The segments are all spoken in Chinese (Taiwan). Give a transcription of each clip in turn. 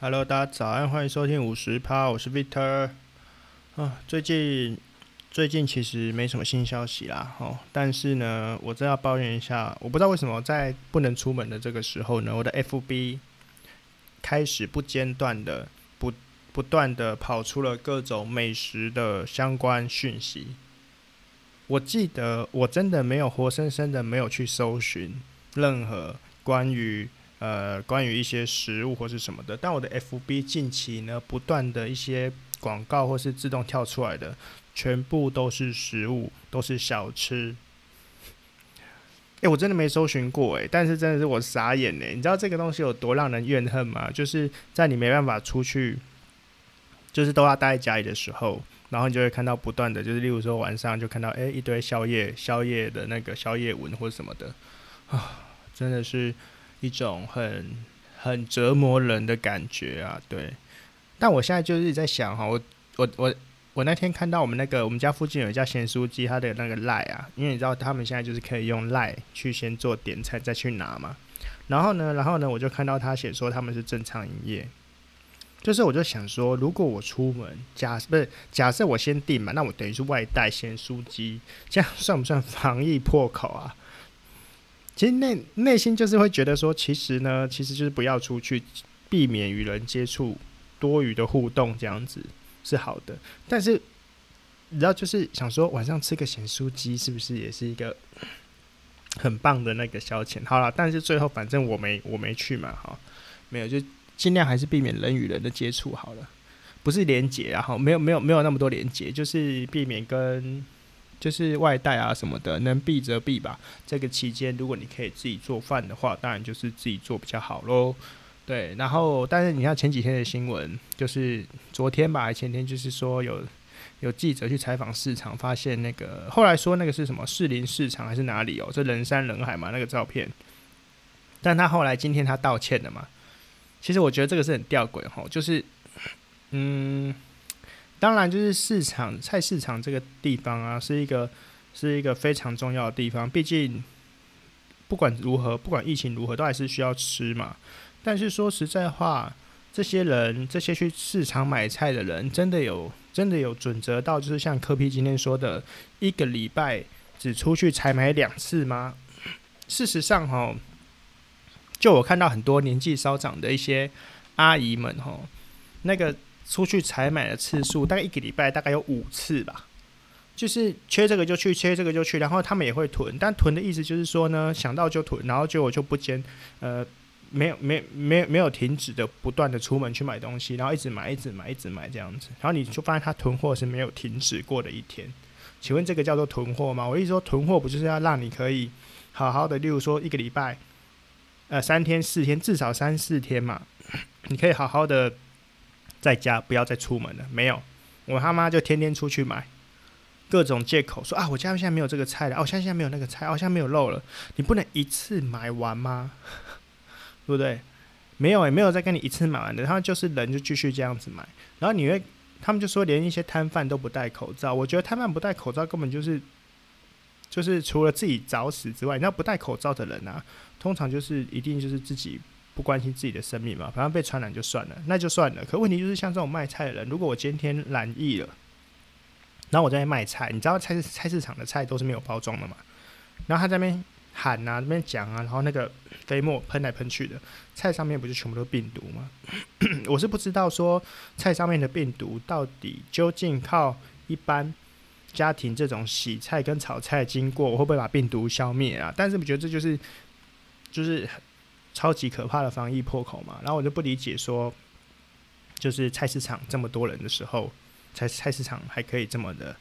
Hello，大家早安，歡迎收聽五十趴，我是 Victor 啊，最近最近其實沒什麼新消息啦。哦，但是呢，我真要抱怨一下，我不知道為什麼在不能出門的這個時候呢，我的 FB 開始不間斷的不不斷的跑出了各種美食的相關訊息。我記得我真的沒有活生生的沒有去搜尋任何關於，呃，關於一些食物或是什麼的，但我的 FB 近期呢，不斷的一些廣告或是自動跳出來的，全部都是食物，都是小吃。哎、欸，我真的沒搜尋過哎、欸，但是真的是我傻眼呢、欸。你知道這個東西有多讓人怨恨嗎？就是在你沒辦法出去，就是都要待在家裡的時候，然後你就會看到不斷的就是，例如說晚上就看到哎、欸、一堆宵夜，宵夜的那個宵夜文或者什麼的啊，真的是。一種很很折磨人的感覺啊，對。但我現在就是在想哈，我我我我那天看到我們那個我們家附近有一家鹹酥雞，它的那個 Line 啊，因為你知道他們現在就是可以用 Line 去先做點菜再去拿嘛。然後呢，然後呢，我就看到他寫說他們是正常營業，就是我就想說，如果我出門，假不是假設我先訂嘛，那我等於是外帶鹹酥雞，這樣算不算防疫破口啊？其實內內心就是會覺得說，其實呢，其實就是不要出去，避免與人接觸多餘的互動這樣子是好的。但是，你知道就是想說晚上吃個鹹酥雞，是不是也是一個很棒的那個消遣？好了，但是最後反正我沒我沒去嘛，哈，沒有就儘量還是避免人與人的接觸好了，不是連結，然後沒有沒有沒有那麼多連結，就是避免跟。就是外帶啊什麼的，能避則避吧。這個期間，如果你可以自己做飯的話，當然就是自己做比較好嘍。對，然後但是你看前幾天的新聞，就是昨天吧，前天就是說有有記者去採訪市場，發現那個後來說那個是什麼士林市場還是哪裡哦，這人山人海嘛那個照片。但他後來今天他道歉了嘛？其實我覺得這個是很吊詭哦，就是嗯。當然，就是市場菜市場這個地方啊，是一個是一個非常重要的地方。畢竟，不管如何，不管疫情如何，都還是需要吃嘛。但是說實在話，這些人這些去市場買菜的人，真的有真的有準則到，就是像柯 P 今天說的，一個禮拜只出去採買兩次嗎？嗯，事實上，哈，就我看到很多年紀稍長的一些阿姨們，哈，那個。出去採買的次數大概一個禮拜大概有五次吧，就是缺這個就去，缺這個就去，然後他們也會囤，但囤的意思就是說呢，想到就囤，然後就我就不堅。呃，沒有沒沒沒有停止的不斷的出門去買東西，然後一直買一直買一直買這樣子，然後你就發現他囤貨是沒有停止過的一天，請問這個叫做囤貨嗎？我意思說囤貨不就是要讓你可以好好的，例如說一個禮拜，呃，三天四天至少三四天嘛，你可以好好的。在家不要再出門了。沒有，我他媽就天天出去買，各種借口說啊，我家現在沒有這個菜了，哦，我現在現在沒有那個菜，哦，現在沒有肉了。你不能一次買完嗎？ 對不對？沒有也、欸、沒有再跟你一次買完的。然後就是人就繼續這樣子買，然後你會，他們就說連一些攤販都不戴口罩。我覺得攤販不戴口罩根本就是，就是除了自己找死之外，那不戴口罩的人啊，通常就是一定就是自己。不關心自己的生命嘛？反正被傳染就算了，那就算了。可問題就是像這種賣菜的人，如果我今天染疫了，然後我在賣菜，你知道菜市菜市場的菜都是沒有包裝的嘛？然後他在那邊喊啊，那邊講啊，然後那個飛沫噴來噴去的，菜上面不就全部都是病毒嗎？ 我是不知道說菜上面的病毒到底究竟靠一般家庭這種洗菜跟炒菜經過，我會不會把病毒消滅啊？但是我覺得這就是，就是。超級可怕的防疫破口嘛，然後我就不理解說，就是菜市場這麼多人的時候，菜菜市場還可以這麼的，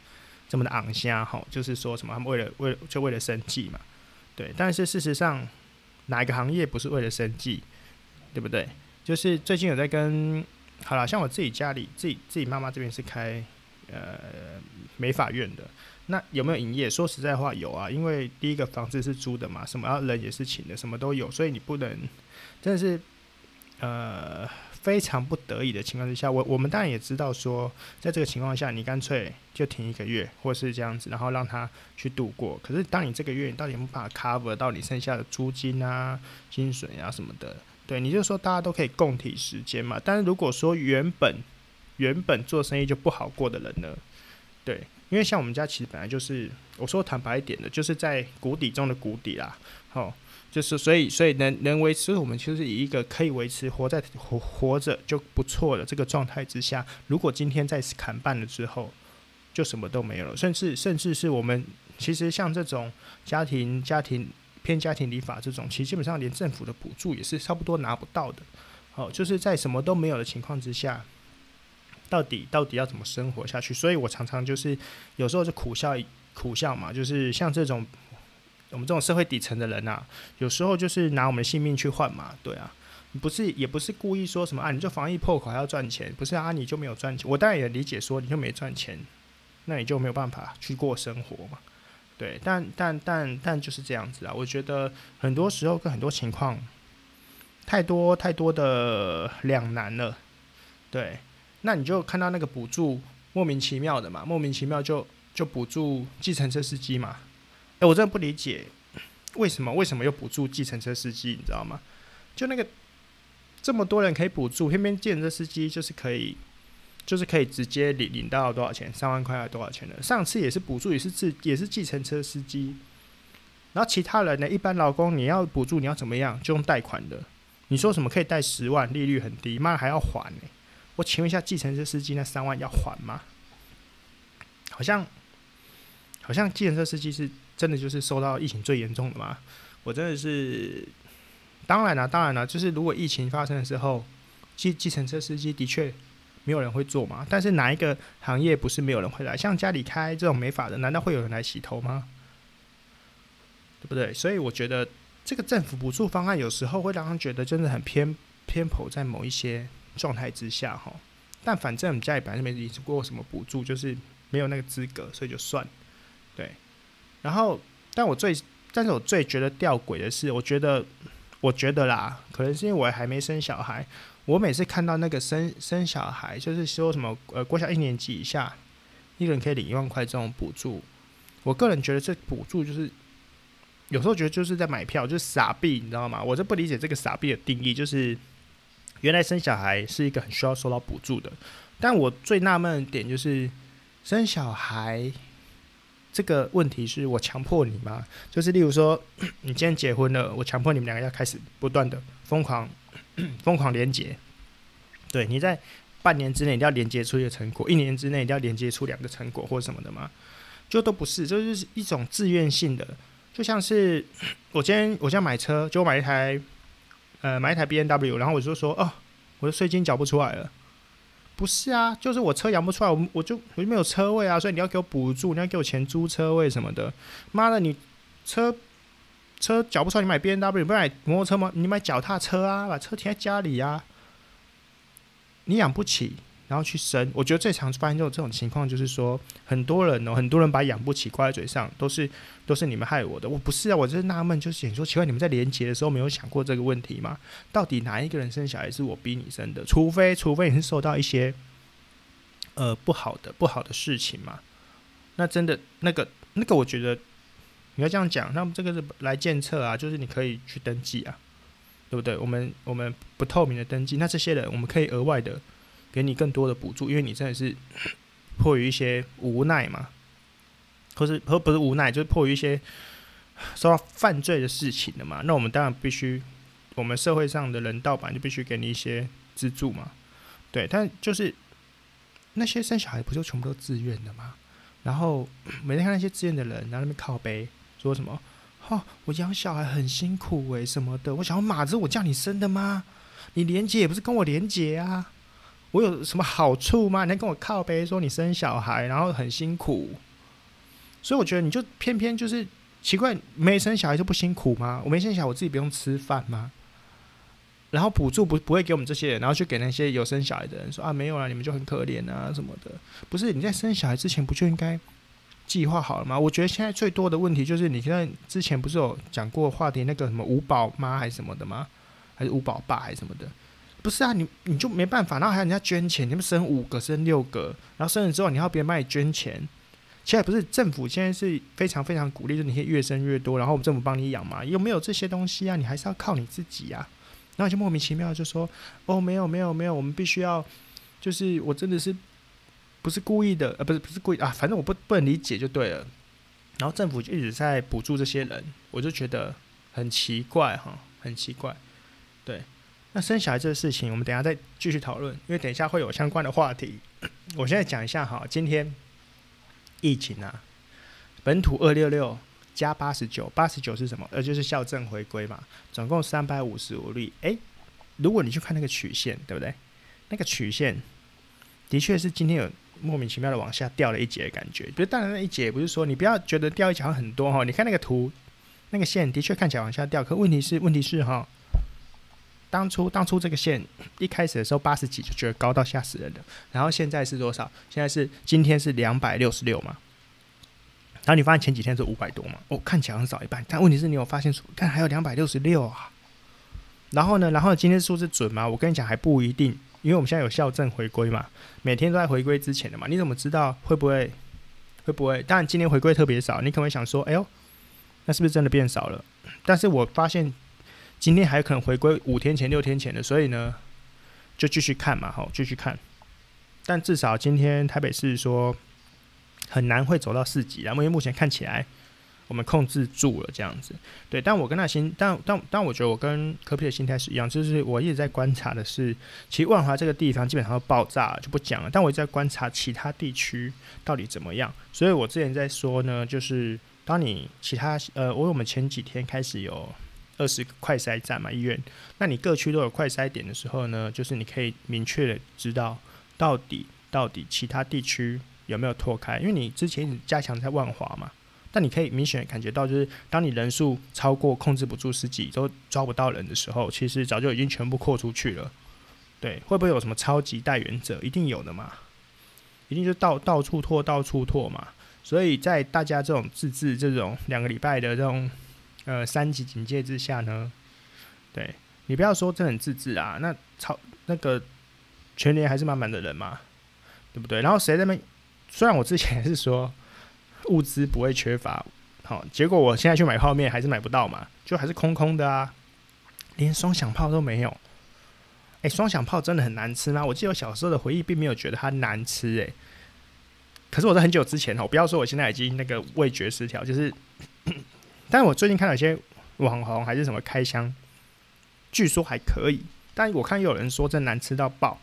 這麼的昂瞎吼。就是說什麼他們為了為了就為了生計嘛，對。但是事實上，哪一個行業不是為了生計，對不對？就是最近有在跟，好了，像我自己家裡自己自己媽媽這邊是開呃美髮院的。那有沒有營業？說實在話，有啊，因為第一個房子是租的嘛，什麼人也是請的，什麼都有，所以你不能，真的是，呃，非常不得已的情況之下，我我們當然也知道說，在這個情況下，你乾脆就停一個月，或是這樣子，然後讓他去度過。可是，當你這個月你到底有沒有辦法 cover 到你剩下的租金啊、薪水啊什麼的，對，你就說大家都可以共體時艱嘛。但是如果說原本原本做生意就不好過的人呢，對。因為像我們家其實本來就是，我說坦白一點的，就是在谷底中的谷底啦。哦，就是所以所以能能維持，我們就是以一個可以維持活在活活着就不錯的這個狀態之下。如果今天再砍半了之後，就什麼都沒有了。甚至甚至是我們其實像這種家庭家庭偏家庭理髮這種，其實基本上連政府的補助也是差不多拿不到的。哦，就是在什麼都沒有的情況之下。到底到底要怎麼生活下去？所以我常常就是有時候就苦笑苦笑嘛，就是像這種我們這種社會底層的人啊，有時候就是拿我們性命去換嘛，對啊，不是也不是故意說什麼啊，你就防疫破口還要賺錢，不是啊，你就沒有賺錢，我當然也理解說你就沒賺錢，那你就沒有辦法去過生活嘛，對，但但但但就是這樣子啊，我覺得很多時候跟很多情況太多太多的兩難了，對。那你就看到那個補助莫名其妙的嘛，莫名其妙就就補助計程車司機嘛，哎、欸，我真的不理解為什麼為什麼又補助計程車司機，你知道嗎？就那個這麼多人可以補助，偏偏計程車司機就是可以就是可以直接領領到多少錢，三萬塊還是多少錢的？上次也是補助，也是自也是計程車司機，然後其他人呢，一般勞工你要補助你要怎麼樣，就用貸款的，你說什麼可以貸十萬，利率很低，媽還要還呢、欸。我請問一下，計程車司機那三萬要還嗎？好像，好像計程車司機是真的就是受到疫情最嚴重的嘛？我真的是，當然了，當然了，就是如果疫情發生的時候，計計程車司機的確沒有人會做嘛。但是哪一個行業不是沒有人會來？像家裡開這種沒法的，難道會有人來洗頭嗎？對不對？所以我覺得這個政府補助方案有時候會讓人覺得真的很偏偏頗在某一些。狀態之下哈，但反正我們家裡本來就沒領過什麼補助，就是沒有那個資格，所以就算。對，然後，但我最，但是我最覺得吊詭的是，我覺得，我覺得啦，可能是因為我還沒生小孩，我每次看到那個生生小孩，就是說什麼呃，國小一年級以下，一個人可以領一萬塊這種補助，我個人覺得這補助就是，有時候覺得就是在買票，就是撒幣，你知道嗎？我就不理解這個撒幣的定義，就是。原來生小孩是一個很需要受到補助的，但我最納悶的點就是，生小孩這個問題是我強迫你嗎？就是例如說，你今天結婚了，我強迫你們兩個要開始不斷的瘋狂瘋狂連接，對，你在半年之內你要連接出一個成果，一年之內你要連接出兩個成果或什麼的嗎？就都不是，就是一種自願性的，就像是我今天我現在買車，就買一台。呃，買一台 B N W，然後我就說，哦，我的稅金繳不出來了。不是啊，就是我車養不出來，我我就我就沒有車位啊，所以你要給我補助，你要給我錢租車位什麼的。媽的，你車車繳不出來，你買 B N W 不買摩托車嗎？你買腳踏車啊，把車停在家裡呀、啊。你養不起。然後去生，我覺得最常發現這種這種情況，就是說很多人哦，很多人把養不起掛在嘴上，都是都是你們害我的。我不是啊，我就是納悶，就是你說奇怪，你們在連接的時候沒有想過這個問題嗎？到底哪一個人生小孩是我逼你生的？除非除非你是受到一些呃不好的不好的事情嘛。那真的那個那個，那個、我覺得你要這樣講，那麼這個是來監測啊，就是你可以去登記啊，對不對？我們我們不透明的登記，那這些人我們可以額外的。給你更多的補助，因為你真的是迫於一些無奈嘛，可是和不是無奈，就是迫於一些受到犯罪的事情的嘛。那我們當然必須，我們社會上的人盜版就必須給你一些資助嘛。對，但就是那些生小孩不就全部都自願的嘛？然後每天看那些自願的人然後那邊靠背，說什麼“哈、哦，我養小孩很辛苦欸，什麼的，我想要馬子，我叫你生的嗎？你廉潔也不是跟我廉潔啊。”我有什麼好處嗎？你能跟我靠北，說你生小孩然後很辛苦，所以我覺得你就偏偏就是奇怪，沒生小孩就不辛苦嗎？我沒生小孩，我自己不用吃飯嗎？然後補助不不會給我們這些人，然後去給那些有生小孩的人說啊，沒有啦，你們就很可憐啊什麼的？不是你在生小孩之前不就應該計劃好了嗎？我覺得現在最多的問題就是，你現在之前不是有講過話題那個什麼五寶媽還是什麼的嗎？還是五寶爸還是什麼的？不是啊，你你就沒辦法，然後還有人家捐錢，你們生五個、生六個，然後生了之後，你要別人幫你捐錢。其實不是政府現在是非常非常鼓勵，就你可以越生越多，然後我們政府幫你養嘛。有沒有這些東西啊？你還是要靠你自己啊。然後就莫名其妙就說，哦，沒有沒有沒有，我們必須要，就是我真的是不是故意的，呃，不是不是故意啊，反正我不不能理解就對了。然後政府就一直在補助這些人，我就覺得很奇怪哈，很奇怪，對。那生小孩這個事情，我們等下再繼續討論，因為等一下會有相關的話題。 我現在講一下哈，今天疫情啊，本土二六六加八十九，八十九是什麼？呃，就是校正回歸嘛，總共三百五十五例。誒、欸，如果你去看那個曲線，對不對？那個曲線的確是今天有莫名其妙的往下掉了一截的感覺，比如當然那一截也不是說你不要覺得掉一截好像很多哈。你看那個圖，那個線的確看起來往下掉，可問題是，問題是哈。當初當初這個線一開始的時候八十幾就覺得高到嚇死人了，然後現在是多少？現在是今天是兩百六十六嘛。然後你發現前幾天是五百多嘛？哦，看起來很少一半，但問題是你有發現出？但還有兩百六十六啊。然後呢？然後今天數字準嗎？我跟你講還不一定，因為我們現在有校正回歸嘛，每天都在回歸之前的嘛。你怎麼知道會不會會不會？但今天回歸特別少，你可能會想說：“哎呦，那是不是真的變少了？”但是我發現。今天還可能回歸五天前、六天前的，所以呢，就繼續看嘛，好，繼續看。但至少今天台北市說很難會走到四級，因為目前看起來我們控制住了這樣子。對，但我跟那心，但但但我覺得我跟科比的心態是一樣，就是我一直在觀察的是，其實萬華這個地方基本上都爆炸就不講了。但我一直在觀察其他地區到底怎麼樣。所以我之前在說呢，就是當你其他呃，我為我們前幾天開始有。二十個快篩站嘛，醫院。那你各區都有快篩點的時候呢，就是你可以明確的知道到底到底其他地區有沒有拓開。因為你之前加強在萬華嘛，但你可以明顯感覺到，就是當你人數超過控制不住，十幾都抓不到人的時候，其實早就已經全部擴出去了。對，會不會有什麼超級帶原者？一定有的嘛，一定就到到處拓、到處拓嘛。所以在大家這種自制這種兩個禮拜的這種。呃，三級警戒之下呢，對你不要說真的很自制啊，那超那個全聯還是滿滿的人嘛，對不對？然後誰在那？雖然我之前是說物資不會缺乏，好，結果我現在去買泡麵還是買不到嘛，就還是空空的啊，連雙響炮都沒有。誒、欸，雙響炮真的很難吃嗎？我記得有小時候的回憶，並沒有覺得它難吃、欸，誒，可是我在很久之前哦，不要說我現在已經那個味覺失調，就是。但是我最近看了一些網紅還是什麼開箱，據說還可以，但我看又有人說真難吃到爆。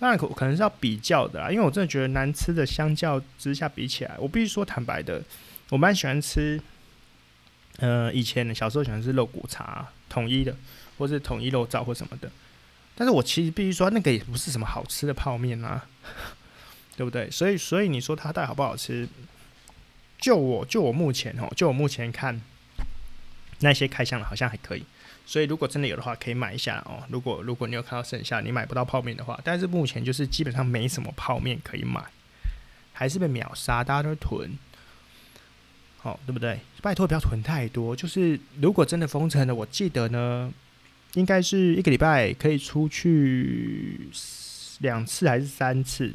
當然可可能是要比較的啦，因為我真的覺得難吃的相較之下比起來，我必須說坦白的，我蠻喜歡吃。嗯、呃、以前的小時候喜歡吃肉骨茶、統一的，或是統一肉燥或什麼的。但是我其實必須說，那個也不是什麼好吃的泡麵啊， 對不對？所以所以你說它到底好不好吃？就我就我目前哦、喔，就我目前看，那些開箱的好像還可以，所以如果真的有的話，可以買一下哦、喔。如果如果你有看到剩下，你買不到泡麵的話，但是目前就是基本上沒什麼泡麵可以買，還是被秒殺，大家都囤，好、喔、對不對？拜託不要囤太多。就是如果真的封城了，我記得呢，應該是一個禮拜可以出去兩次還是三次。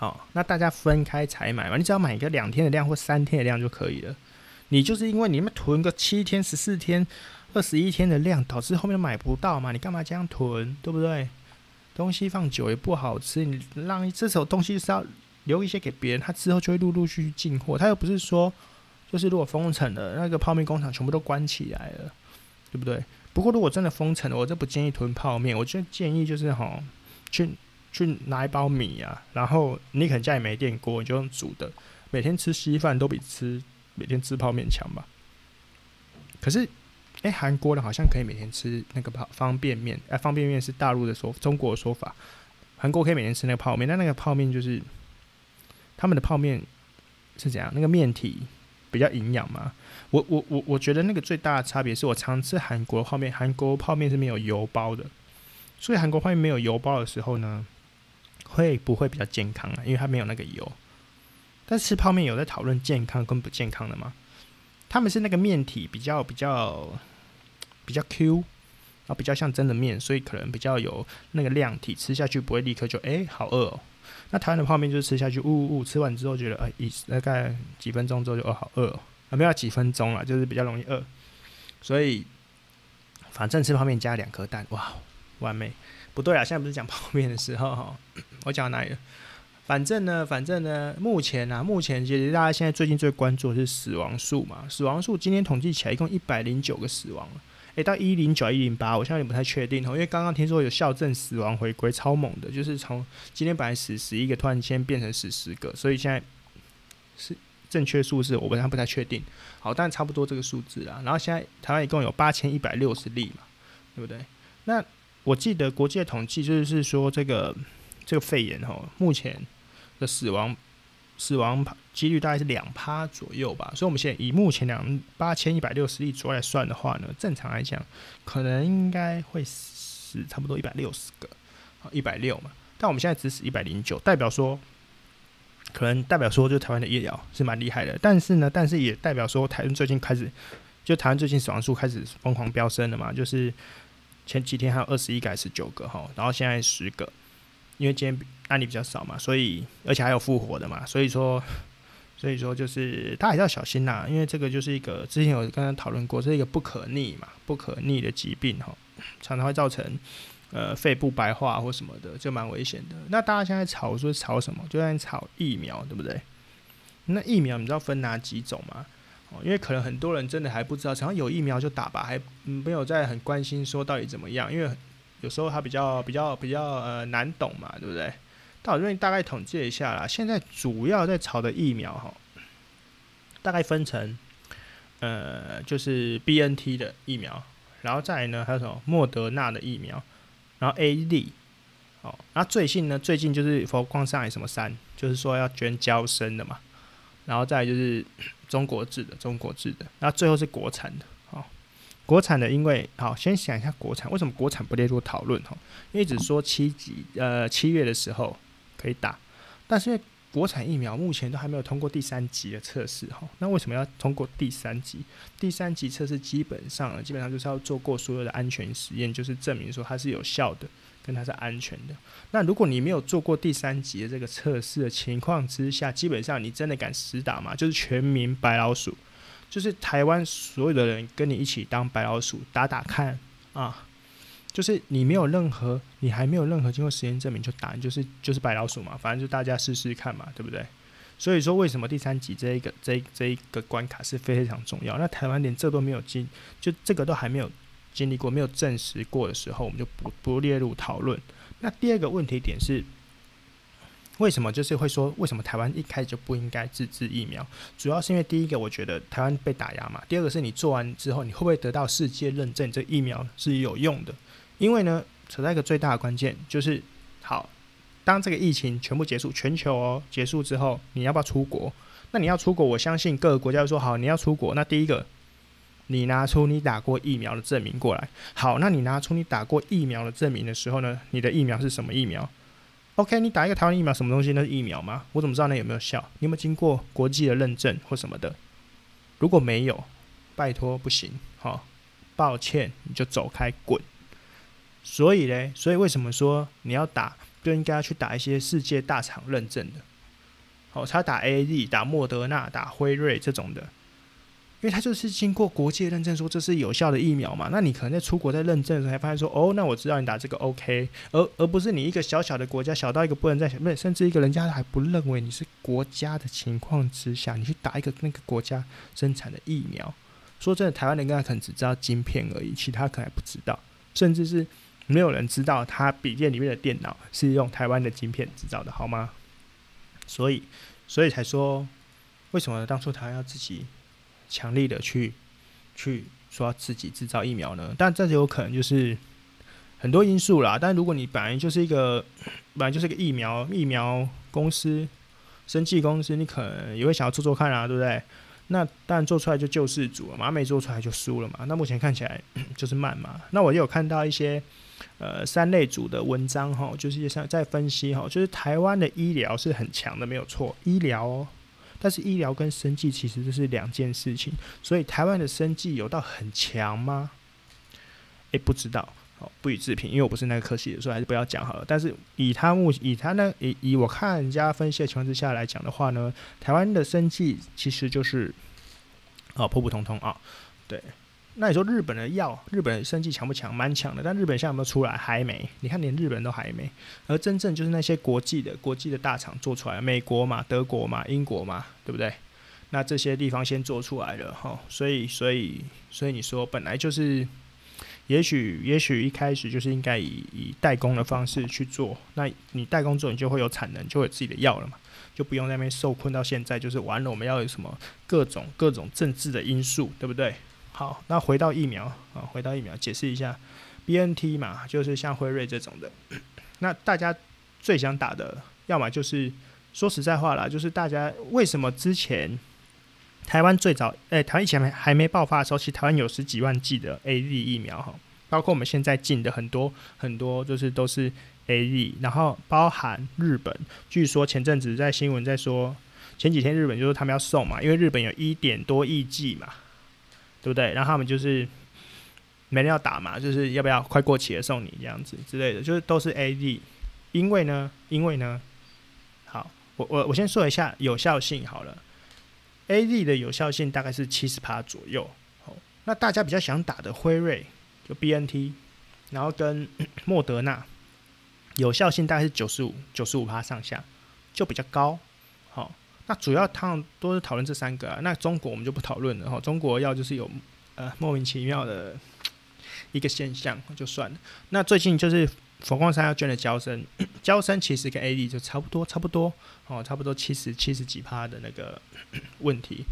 好、哦，那大家分開採買嘛，你只要買一個兩天的量或三天的量就可以了。你就是因為你們囤個七天、十四天、二十一天的量，導致後面買不到嘛，你幹嘛這樣囤，對不對？東西放久也不好吃，你讓這時候東西是要留一些給別人，他之後就會陸陸續續進貨。他又不是說，就是如果封城了，那個泡麵工廠全部都關起來了，對不對？不過如果真的封城了，我就不建議囤泡麵，我就建議就是哈、哦，去。去拿一包米啊，然後你可能家裡沒電鍋，你就用煮的。每天吃稀飯都比吃每天吃泡麵強吧？可是，誒、欸，韓國人好像可以每天吃那個泡方便麵。哎、啊，方便麵是大陸的說，中國的說法，韓國可以每天吃那個泡麵。但那個泡麵就是他們的泡麵是怎樣？那個麵體比較營養嗎？我我我我覺得那個最大的差別是我常吃韓國泡麵，韓國泡麵是沒有油包的，所以韓國泡麵沒有油包的時候呢。會不會比較健康啊？因為它沒有那個油，但是吃泡麵有在討論健康跟不健康的嗎？他們是那個麵體比較比較比較 Q，啊，比較像真的麵，所以可能比較有那個量體，吃下去不會立刻就哎、欸、好餓哦。那台灣的泡麵就是吃下去嗚嗚嗚，吃完之後覺得哎、呃，大概幾分鐘之後就哦好餓哦，還、啊、沒有幾分鐘了，就是比較容易餓。所以反正吃泡麵加兩顆蛋，哇，完美。不對啊，現在不是講泡麵的時候哈。我講哪一個？反正呢，反正呢，目前呢、啊，目前其實大家現在最近最關注的是死亡數嘛。死亡數今天統計起來一共一百零九個死亡誒、欸，到一零九一零八，108, 我現在也不太確定，因為剛剛聽說有校正死亡回歸超猛的，就是從今天本來十十一個突然間變成十十個，所以現在是正確數字，我本身不太確定。好，但差不多這個數字啦。然後現在台灣一共有八千一百六十例嘛，對不對？那我記得國際的統計就是說這個。這個肺炎哦，目前的死亡死亡幾率大概是兩趴左右吧，所以我們現在以目前兩八千一百六十例左右來算的話呢，正常來講，可能應該會死差不多一百六十個，好，一百六嘛。但我們現在只死一百零九，代表說，可能代表說，就台灣的醫療是蠻厲害的。但是呢，但是也代表說，台灣最近開始，就台灣最近死亡數開始瘋狂飆升了嘛，就是前幾天還有二十一個還是九個哈，然後現在十個。因為今天案例比較少嘛，所以而且還有復活的嘛，所以說，所以說就是大家還是要小心吶、啊，因為這個就是一個之前有跟他討論過，是一個不可逆嘛，不可逆的疾病哈、哦，常常會造成呃肺部白化或什麼的，就蠻危險的。那大家現在吵說吵什麼？就在吵疫苗，對不對？那疫苗你知道分哪幾種嗎？哦，因為可能很多人真的還不知道，只要有疫苗就打吧，還沒有在很關心說到底怎麼樣，因為。有時候它比較比較比較呃難懂嘛，對不對？但我認為大概統計了一下啦，現在主要在炒的疫苗哈，大概分成呃就是 BNT 的疫苗，然後再來呢還有什麼莫德納的疫苗，然後 A D，哦。那最近呢最近就是佛光山還是什麼山，就是說要捐嬌生的嘛，然後再來就是中國製的中國製的，那最後是國產的。國產的，因為好，先想一下國產為什麼國產不列入討論哈？因為只說七級，呃，七月的時候可以打，但是因為國產疫苗目前都還沒有通過第三級的測試哈。那為什麼要通過第三級？第三級測試基本上，基本上就是要做過所有的安全實驗，就是證明說它是有效的，跟它是安全的。那如果你沒有做過第三級的這個測試的情況之下，基本上你真的敢死打嗎？就是全民白老鼠。就是台灣所有的人跟你一起當白老鼠打打看啊，就是你沒有任何，你還沒有任何經過實驗證明就打，你就是就是白老鼠嘛，反正就大家試試看嘛，對不對？所以說為什麼第三集這一個這這一個關卡是非常重要？那台灣連這都沒有經，就這個都還沒有經歷過，沒有證實過的時候，我們就不不列入討論。那第二個問題點是。為什麼就是會說為什麼台灣一開始就不應該自制疫苗？主要是因為第一個，我覺得台灣被打壓嘛；第二個是你做完之後，你會不會得到世界認證，這個疫苗是有用的？因為呢，存在一個最大的關鍵就是，好，當這個疫情全部結束，全球喔，結束之後，你要不要出國？那你要出國，我相信各個國家會說好，你要出國。那第一個，你拿出你打過疫苗的證明過來。好，那你拿出你打過疫苗的證明的時候呢？你的疫苗是什麼疫苗？OK，你打一個台灣疫苗，什麼東西？那是疫苗嗎？我怎麼知道那有沒有效？你有沒有經過國際的認證或什麼的？如果沒有，拜托不行，好、哦，抱歉，你就走開，滾。所以嘞，所以為什麼說你要打，就應該要去打一些世界大廠認證的？哦，他打 AZ、打莫德納、打輝瑞這種的。因為他就是經過國際認證，說這是有效的疫苗嘛。那你可能在出國在認證的時候，才發現說哦，那我知道你打這個 OK，而而不是你一個小小的國家，小到一個不能再小，不甚至一個人家還不認為你是國家的情況之下，你去打一個那個國家生產的疫苗。說真的，台灣人應該可能只知道晶片而已，其他可能還不知道，甚至是沒有人知道他筆電裡面的電腦是用台灣的晶片制造的，好嗎？所以，所以才說為什麼當初台灣要自己？強力的去，去說自己製造疫苗呢？但這有可能就是很多因素啦。但如果你本來就是一個，本來就是一個疫苗疫苗公司、生技公司，你可能也會想要做做看啊，對不對？那但做出來就救世主了嘛，沒做出來就輸了嘛。那目前看起來就是慢嘛。那我也有看到一些呃三類組的文章哈，就是一些在分析哈，就是台灣的醫療是很強的，沒有錯，醫療哦。但是醫療跟生技其實這是兩件事情，所以台灣的生技有到很強嗎？誒、欸，不知道，好、哦、不予置評，因為我不是那個科系的，所以還是不要講好了。但是以他目以他呢，以以我看人家分析的情況之下來講的話呢，台灣的生技其實就是啊、哦、普普通通啊、哦，對。那你說日本的藥，日本的生技強不強？蠻強的，但日本現在有沒有出來？還沒。你看，連日本都還沒，而真正就是那些國際的、國際的大廠做出來，美國嘛、德國嘛、英國嘛，對不對？那這些地方先做出來了，哈。所以，所以，所以你說本來就是也，也許，也許一開始就是應該以以代工的方式去做。那你代工做，你就會有產能，就會有自己的藥了嘛，就不用在那邊受困到現在。就是完了，我們要有什麼各種各種政治的因素，對不對？好，那回到疫苗啊，回到疫苗，解釋一下，B N T 嘛，就是像輝瑞這種的。那大家最想打的，要麼就是說實在話啦，就是大家為什麼之前台灣最早，誒、欸，台灣以前還沒,還沒爆發的時候，其實台灣有十幾萬劑的 A Z 疫苗哈，包括我們現在進的很多很多，就是都是 A Z，然後包含日本，據說前陣子在新聞在說，前幾天日本就是說他們要送嘛，因為日本有一點多億劑嘛。對不對？然後他們就是沒人要打嘛，就是要不要快過期了送你這樣子之類的，就是都是 A Z，因為呢，因為呢，好，我我我先說一下有效性好了，A Z 的有效性大概是七十趴左右，哦，那大家比較想打的輝瑞就 B N T，然後跟呵呵莫德納有效性大概是九十五九十五趴上下，就比較高。那主要他們都是討論這三個啊，那中國我們就不討論了哈。中國要就是有呃莫名其妙的一個現象就算了。那最近就是佛光山要捐的嬌生嬌生，其實跟 AD 就差不多差不多，哦，差不多七十七十幾趴的那個問題。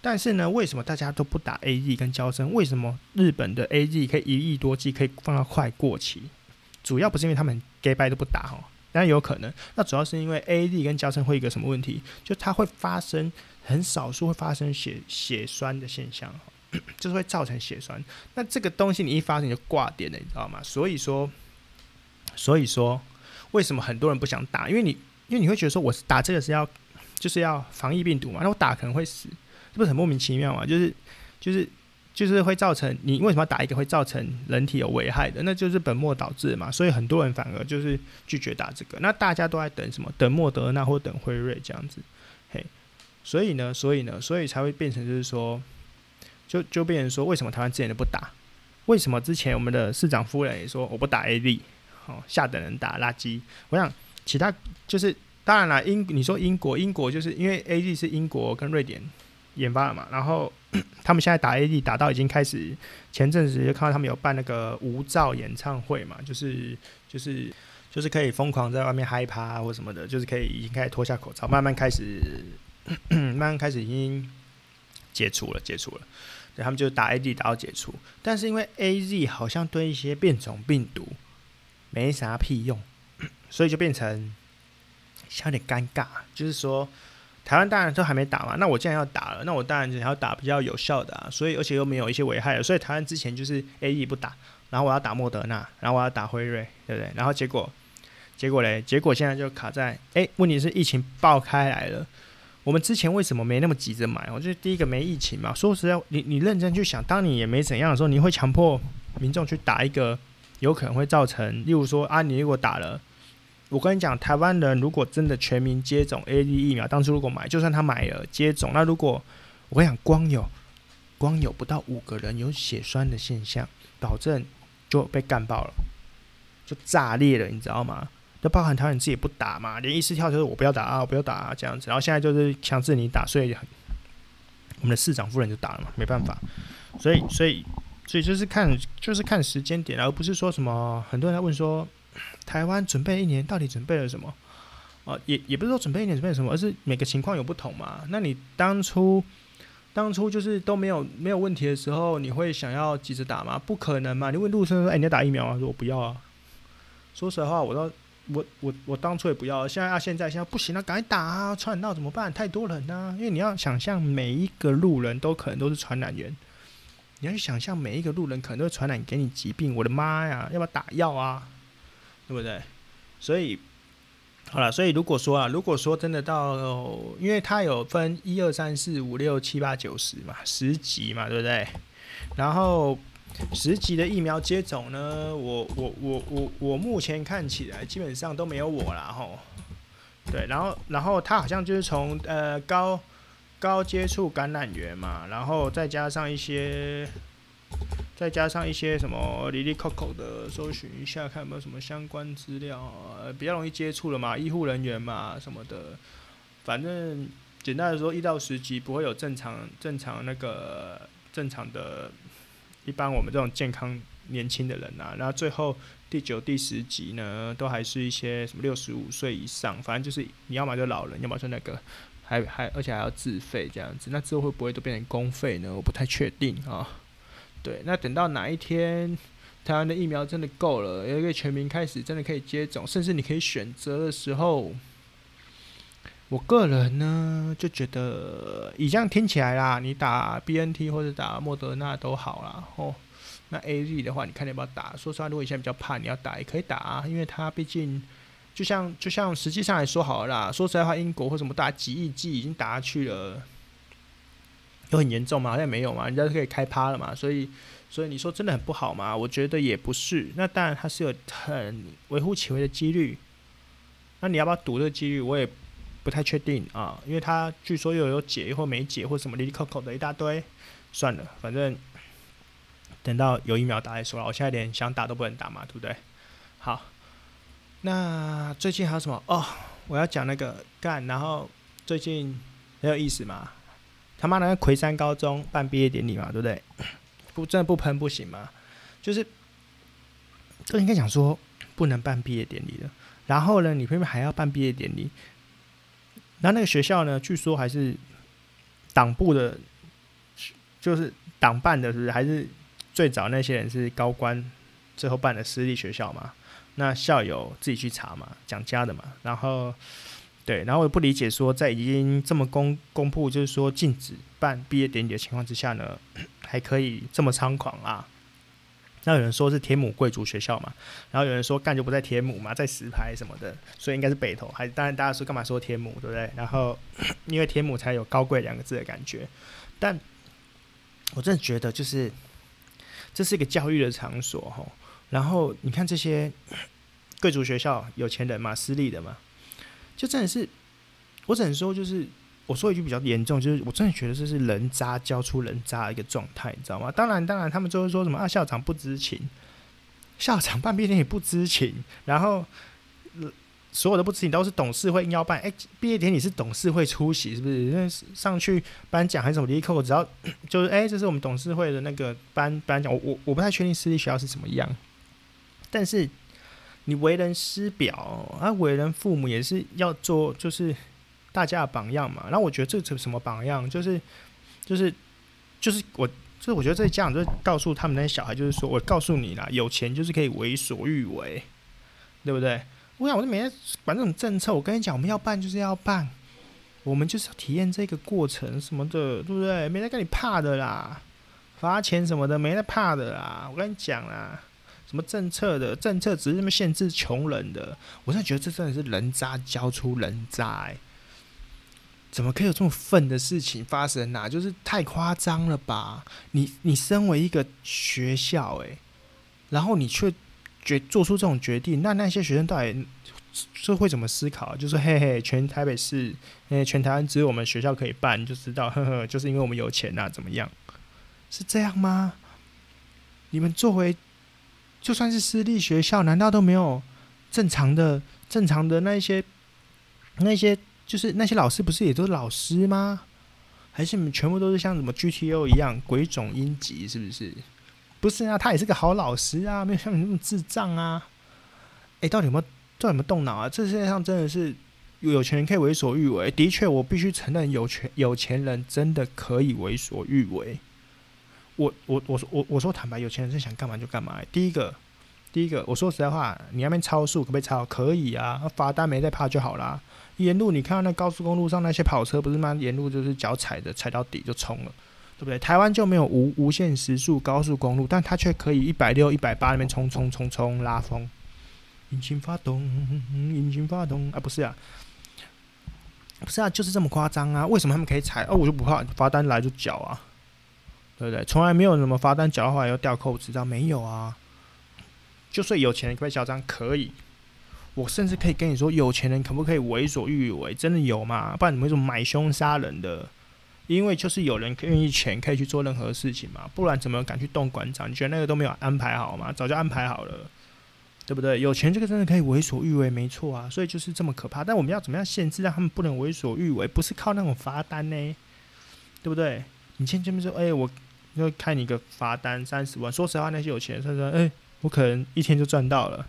但是呢，為什麼大家都不打 AD 跟嬌生？為什麼日本的 AD 可以一億多劑可以放到快過期？主要不是因為他們假掰都不打哈。那有可能，那主要是因為 AZ 跟嬌生會有一個什麼問題？就它會發生很少數會發生血血栓的現象呵呵，就是會造成血栓。那這個東西你一發生你就掛點了，你知道嗎？所以說，所以說，為什麼很多人不想打？因為你，因為你會覺得說，我是打這個是要就是要防疫病毒嘛，那我打可能會死，這不是很莫名其妙嗎？就是，就是。就是會造成你為什麼要打一個會造成人體有危害的？那就是本末倒置嘛。所以很多人反而就是拒絕打這個。那大家都在等什麼？等莫德納或等輝瑞這樣子，嘿。所以呢，所以呢，所以才會變成就是說，就就變成說，為什麼台灣之前都不打？為什麼之前我們的市長夫人也說我不打 AZ？哦，下等人打垃圾。我想其他就是當然啦，英你說英國，英國就是因為 AZ 是英國跟瑞典研發的嘛，然後。他們現在打 AD 打到已經開始，前陣子就看到他們有辦那個無罩演唱會嘛，就是就是就是可以瘋狂在外面嗨趴、啊、或什麼的，就是可以已經開始脫下口罩，慢慢開始咳咳慢慢開始已經解除了，解除了。對，他們就打 AD 打到解除，但是因為 AZ 好像對一些變種病毒沒啥屁用，所以就變成有點尷尬，就是說。台灣當然都還沒打嘛，那我既然要打了，那我當然就要打比較有效的、啊，所以而且又沒有一些危害了，所以台灣之前就是 AZ 不打，然後我要打莫德納，然後我要打輝瑞，對不對？然後結果，結果嘞，結果現在就卡在，誒、欸。問題是疫情爆開來了，我們之前為什麼沒那麼急着買？我覺得第一個沒疫情嘛，說實在，你你認真去想，當你也沒怎樣的時候，你會強迫民眾去打一個有可能會造成，例如說啊，你如果打了。我跟你講，台灣人如果真的全民接種 AZ 疫苗，當初如果買，就算他買了接種，那如果我跟你講光有光有不到五個人有血栓的現象，保證就被幹爆了，就炸裂了，你知道嗎？那包含台灣自己不打嘛，連醫師跳出來我不要打啊，我不要打啊，這樣子，然後現在就是強制你打，所以我們的市長夫人就打了嘛，沒辦法。所以，所以，所以就是看就是看時間點，而不是說什麼很多人在問說。台灣準備一年到底準備了什麼？啊，也也不是說準備一年準備了什麼，而是每個情況有不同嘛。那你當初當初就是都沒有沒有問題的時候，你會想要急着打嗎？不可能嘛！你問陸生說：“哎、欸，你要打疫苗啊’，說：“我不要啊。”說實話，我都我我我當初也不要。現在、啊、現在現在不行了、啊，趕緊打啊！傳染到怎麼辦？太多人吶、啊，因為你要想象每一個路人都可能都是傳染源，你要去想象每一個路人可能都會傳染給你疾病。我的媽呀，要不要打藥啊？對不對？所以好了，所以如果說啊，如果說真的到，哦，因為它有分一二三四五六七八九十嘛，十級嘛，對不對？然後十級的疫苗接種呢，我我我我我目前看起來基本上都沒有我了吼。對，然後然後他好像就是從呃高高接觸感染源嘛，然後再加上一些。再加上一些什麼哩哩叩叩的搜尋一下，看有沒有什麼相關資料啊，比較容易接觸了嘛，醫護人員嘛什麼的。反正簡單的說，一到十級不會有正常正常那個正常的，一般我們這種健康年輕的人吶、啊，那最後第九、第十級呢，都還是一些什麼六十五歲以上，反正就是你要麼就老人，你要麼就那個，還還而且還要自費這樣子。那之後會不會都變成公費呢？我不太確定啊。對，那等到哪一天，台灣的疫苗真的夠了，有一個全民開始真的可以接種，甚至你可以選擇的時候，我個人呢就覺得，以這樣聽起來啦，你打 BNT 或者打莫德納都好啦。哦。那 AZ 的話，你看你要不要打？說實話，如果現在比較怕，你要打也可以打啊，因為它畢竟就像就像實際上來說好了啦，說實在話，英國或什麼打幾億劑已經打下去了。都很嚴重嘛，好像也沒有嘛，人家可以開趴了嘛，所以，所以你說真的很不好嘛？我覺得也不是，那當然它是有很微乎其微的幾率，那你要不要賭這個幾率？我也不太確定啊，因為它據說又有，有解或沒解或什麼哩哩摳摳的一大堆，算了，反正等到有疫苗打再說了，我現在連想打都不能打嘛，對不對？好，那最近還有什麼？哦，我要講那個干，然後最近很有意思嘛。他媽的，那奎山高中辦畢業典禮嘛，對不對？不，真的不噴不行嘛。就是，都應該講說不能辦畢業典禮的。然後呢，你偏偏還要辦畢業典禮。那那個學校呢，據說還是黨部的，就是黨辦的，是不是？還是最早那些人是高官，最後辦的私立學校嘛？那校友自己去查嘛，講家的嘛。然後。對，然後我不理解說，在已經這麼公公布，就是說禁止辦畢業典禮的情況之下呢，還可以這麼猖狂啊？那有人說是天母貴族學校嘛，然後有人說幹就不在天母嘛，在石牌什麼的，所以應該是北投。還是當然大家說幹嘛說天母，對不對？然後因為天母才有高貴兩個字的感覺，但我真的覺得就是這是一個教育的場所吼，然後你看這些貴族學校，有錢人嘛，私立的嘛。就真的是，我只能說，就是我說一句比較嚴重，就是我真的覺得這是人渣教出人渣的一個狀態，你知道嗎？當然，當然，他們就會說什麼啊，校長不知情，校長辦畢業典禮不知情，然後、呃、所有的不知情都是董事會硬要辦。哎、欸，畢業典禮你是董事會出席，是不是？因為上去頒獎還是什麼？立刻我只要就是哎、欸，這是我們董事會的那個頒頒獎，我我我不太確定私立學校是什麼樣，但是。你為人師表啊，為人父母也是要做，就是大家的榜樣嘛。然後我覺得這是什麼榜樣，就是就是就是我，就是我覺得這些家長就是告訴他們那些小孩，就是說我告訴你啦，有錢就是可以為所欲為，對不對？我想我就每天管這種政策，我跟你講，我們要辦就是要辦，我們就是要體驗這個過程什麼的，對不對？沒人跟你怕的啦，罰錢什麼的沒在怕的啦，我跟你講啦。什麼政策的政策，只是在那邊限制窮人的？我真的覺得這真的是人渣教出人渣，欸，怎麼可以有這麼憤的事情發生啊？就是太誇張了吧！你你身為一個學校誒，欸，然後你卻決做出這種決定，那那些學生到底是會怎麼思考？就是嘿嘿，全台北市誒，全台灣只有我們學校可以辦，就知道呵呵，就是因為我們有錢吶，啊，怎麼樣？是這樣嗎？你們作為。就算是私立學校，難道都沒有正常的正常的那些那些就是那些老師不是也都是老師嗎？還是你們全部都是像什麼 GTO 一樣鬼塚英吉？是不是？不是啊，他也是個好老師啊，沒有像你那麼智障啊。誒、欸，到底有沒有到底有沒有動腦啊？這世界上真的是有錢人可以為所欲為。的確，我必須承認，有權有錢人真的可以為所欲為。我我我說我我說坦白，有錢人是想幹嘛就幹嘛、欸。第一個，第一個，我說實在話，你那邊超速可不可以超？可以啊，罰單沒在怕就好啦。沿路你看到那高速公路上那些跑車不是嗎？沿路就是腳踩的，踩到底就衝了，對不對？台灣就沒有無無限時速高速公路，但它卻可以一百六、一百八那邊衝衝衝衝拉風。引擎發動，引擎發動啊，不是啊，不是啊，就是這麼誇張啊！為什麼他們可以踩？哦，我就不怕罰單來就繳啊。對不對，對？從來沒有什麼罰單，講話要掉釦子，這沒有啊？就算有錢人可，可以囂張，可以，我甚至可以跟你說，有錢人可不可以為所欲為？真的有嗎？不然你為什麼買兇殺人的？因為就是有人願意錢，可以去做任何事情嘛？不然怎麼敢去動館長？你覺得那個都沒有安排好嗎？早就安排好了，對不對？有錢這個真的可以為所欲為，沒錯啊！所以就是這麼可怕。但我們要怎麼樣限制，讓他們不能為所欲為？不是靠那種罰單呢、欸？對不對？你先這麼說，哎、欸，我。要開你一個罰單三十萬，說實話，那些有錢，他說：“誒，我可能一天就賺到了，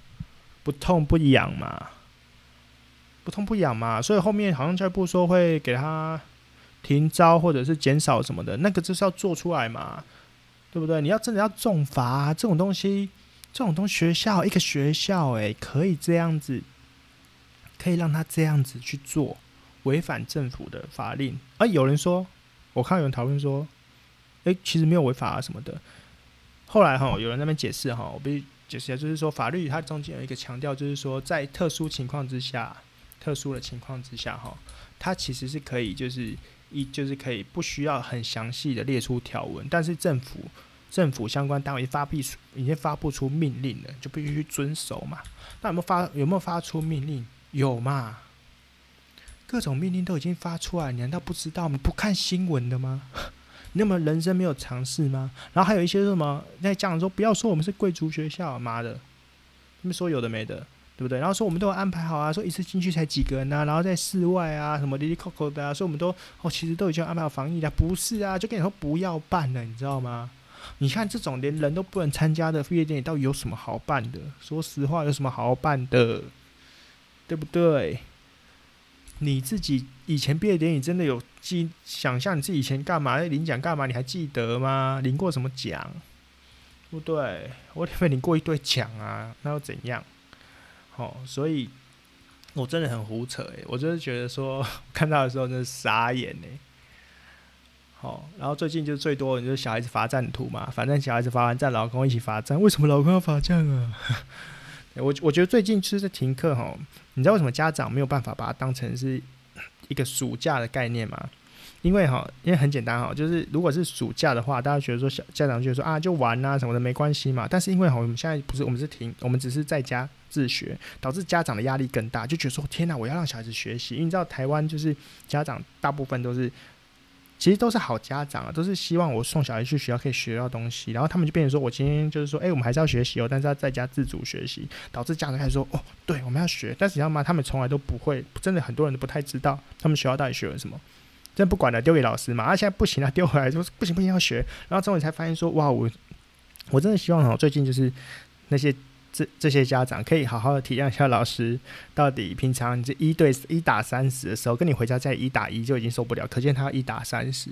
不痛不癢嘛，不痛不癢嘛。”所以後面好像教育部說會給他停招或者是減少什麼的，那個就是要做出來嘛，對不對？你要真的要重罰、啊、這種東西，這種東西學校一個學校、欸，誒，可以這樣子，可以讓他這樣子去做違反政府的法令。哎、欸，有人說，我看有人討論說。誒、欸，其實沒有違法啊什麼的。後來哈，有人那邊解釋哈，我必須解釋一下，就是說法律它中間有一個強調，就是說在特殊情況之下，特殊的情況之下哈，它其實是可以就是一就是可以不需要很詳細的列出條文，但是政府政府相關單位發布已經發布出，出命令了，就必須去遵守嘛。那有沒有發有沒有發出命令？有嘛？各種命令都已經發出來，你難道不知道嗎？不看新聞的嗎？那麼人生沒有嘗試嗎？然後還有一些什麼在講說不要說我們是貴族學校，啊，媽的！他們說有的沒的，對不對？然後說我們都有安排好啊，說一次進去才幾個人呢？啊？然後在室外啊，什麼哩哩扣扣的啊，說我們都哦，喔，其實都已經安排好防疫了，不是啊？就跟你說不要辦了，你知道嗎？你看這種連人都不能參加的畢業典禮，到底有什麼好辦的？說實話，有什麼好辦的？對不對？你自己以前畢業典禮真的有記？想象你自己以前幹嘛？在領獎幹嘛？你還記得嗎？領過什麼獎？不對，我沒領過一堆獎啊，那又怎樣？哦，所以我真的很胡扯誒、欸，我就是覺得說，看到的時候真的傻眼哎、欸。哦，然後最近就最多就是小孩子罰站圖嘛，反正小孩子罰完站，老公一起罰站，為什麼老公要罰站啊？ 我我覺得最近就是在停課吼。你知道為什麼家長沒有辦法把它當成是一個暑假的概念嗎？因為哈，因為很簡單哈，就是如果是暑假的話，大家覺得說小家長覺得說啊就玩啊什麼的沒關係嘛。但是因為哈，我們現在不是我們是停，我們只是在家自學，導致家長的壓力更大，就覺得說天哪，我要讓小孩子學習。因為你知道台灣就是家長大部分都是。其實都是好家長啊，都是希望我送小孩去學校可以學到東西，然後他們就變成說，我今天就是說，哎、欸，我們還是要學習哦，但是要在家自主學習，導致家長還說，哦，對，我們要學，但是你知道嗎？他們從來都不會，真的很多人都不太知道他們學校到底學了什麼，真不管了，丟給老師嘛。而、啊、現在不行了，啊，丟回來就是，不行不行要學，然後之後才發現說，哇，我我真的希望哦，最近就是那些。這這些家長可以好好的體諒一下老師，到底平常你這一對一打三十的時候，跟你回家再一打一就已經受不了，可見他一打三十，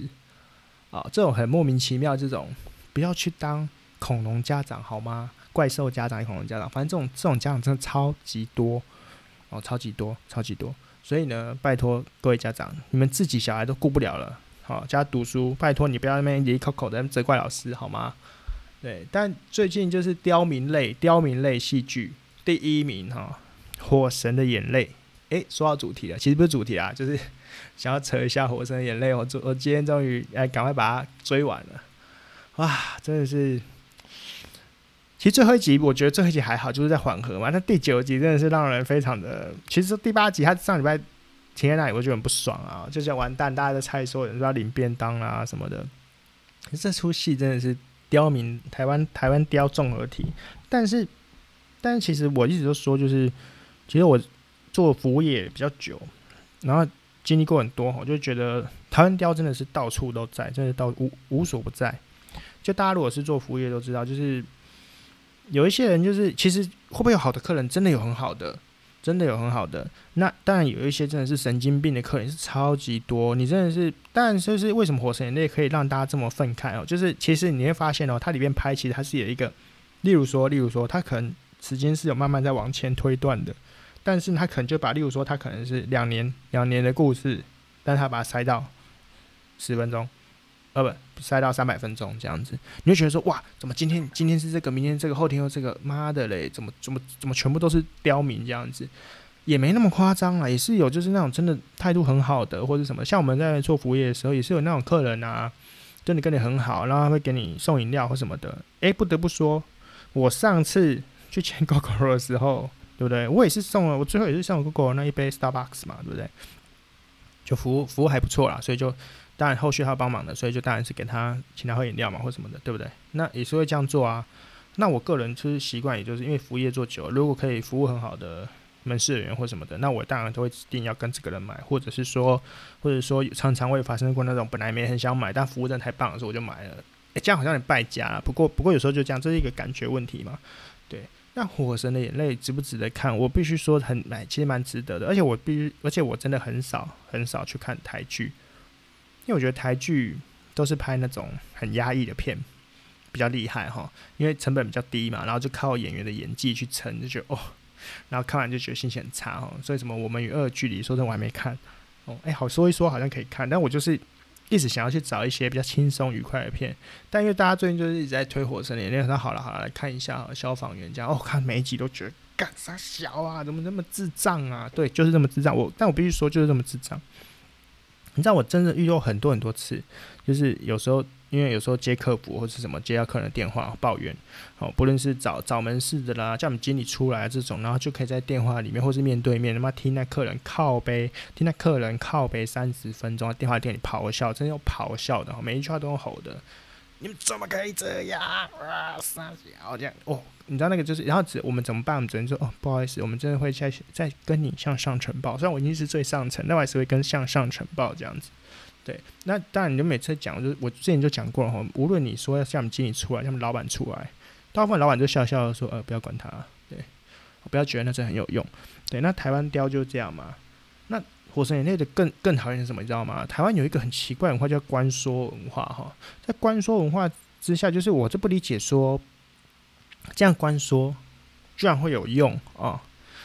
啊、哦，這種很莫名其妙，這種不要去當恐龍家長好嗎？怪獸家長、恐龍家長，反正這種這種家長真的超級多哦，超級多、超級多。所以呢，拜托各位家長，你們自己小孩都顧不了了，好、哦、加讀書，拜托你不要那邊一口口的責怪老師好嗎？對，但最近就是刁民類、刁民類戲劇第一名哈、哦，《火神的眼淚》欸。誒，說到主題了，其實不是主題啊,就是想要扯一下《火神的眼淚》。我我今天終於哎，趕快把它追完了，哇、啊，真的是。其實最後一集我覺得最後一集還好，就是在緩和嘛。那第九集真的是讓人非常的，其實第八集他上禮拜停在那裡，我就很不爽啊，就想完蛋，大家都在猜說有人家要領便當啦、啊、什麼的。可是這出戲真的是。刁民，台灣台灣鯛綜合體，但是，但是其實我一直都說，就是其實我做服務業也比較久，然後經歷過很多，我就覺得台灣鯛真的是到處都在，真的到無無所不在。就大家如果是做服務業都知道，就是有一些人就是其實會不會有好的客人，真的有很好的。真的有很好的，那當然有一些真的是神經病的客人是超級多，你真的是，但就是，是為什麼火神也那可以讓大家這麼憤慨哦？就是其實你會發現哦，它裡面拍其實它是有一個，例如說，例如說，它可能時間是有慢慢在往前推斷的，但是它可能就把例如說它可能是兩年兩年的故事，但它把它塞到十分鐘，呃不。塞到三百分鐘這樣子，你就覺得說哇，怎麼今天今天是這個，明天這個，後天又這個，媽的嘞，怎麼怎麼怎麼全部都是刁民這樣子，也沒那麼誇張啦，也是有就是那種真的態度很好的或者什麼，像我們在做服務業的時候，也是有那種客人啊，真的跟你很好，然後他會給你送飲料或什麼的。誒、欸，不得不說，我上次去簽 Gogoro 的時候，對不對？我也是送了，我最後也是送 Gogoro 那一杯 Starbucks 嘛，對不對？就服務服務還不錯啦，所以就。當然後續他幫忙的，所以就當然是給他請他喝飲料嘛，或什麼的，對不對？那也是會這樣做啊。那我個人就是習慣，也就是因為服務業做久，如果可以服務很好的門市人員或什麼的，那我當然都會指定要跟這個人買，或者是說，或者說常常會發生過那種本來沒很想買，但服務真的太棒的時候我就買了。哎、欸，這樣好像很敗家啦。不過不過有時候就這樣，這是一個感覺問題嘛。對。那《火神的眼淚》值不值得看？我必須說很買，其實蠻值得的。而且我必須，而且我真的很少很少去看台劇。因為我覺得台劇都是拍那種很壓抑的片，比較厲害哈。因為成本比較低嘛，然後就靠演員的演技去撐，就覺得哦，然後看完就覺得心情很差哦，所以什麼《我們與惡的距離》說真的我還沒看哦，哎，好說一說好像可以看，但我就是一直想要去找一些比較輕鬆愉快的片。但因為大家最近就是一直在推火車《火神》連，連說好了好了，來看一下，喔，消防員這樣。我，哦，看每一集都覺得幹啥小啊，怎麼這麼智障啊？對，就是這麼智障。我但我必須說，就是這麼智障。你知道我真的遇到很多很多次，就是有時候因為有時候接客服或者是什麼接到客人的電話抱怨，哦，不論是找找門市的啦、叫我們經理出來這種，然後就可以在電話裡面或是面對面他媽聽那客人靠杯，聽那客人靠杯三十分鐘，電話店裡咆哮，真的有咆哮的，每一句話都吼的。你們怎麼可以這樣啊！三小這樣。哦，你知道那個就是，然後只我們怎麼辦？我們只能說，哦，不好意思，我們真的會再在跟你向上呈報。雖然我已經是最上層，但我還是會跟向上呈報這樣子。對，那當然，你就每次講，我就我之前就講過了哈。無論你說要向我們經理出來，向我們老闆出來，大部分老闆就笑笑的說，呃，不要管他。對，我不要覺得那是很有用。對，那台灣鯛就這樣嘛。那。火神眼淚的更更討厭是什麼？你知道嗎？台灣有一個很奇怪的文化叫關說文化，哈，在關說文化之下，就是我就不理解說這樣關說居然會有用啊、哦！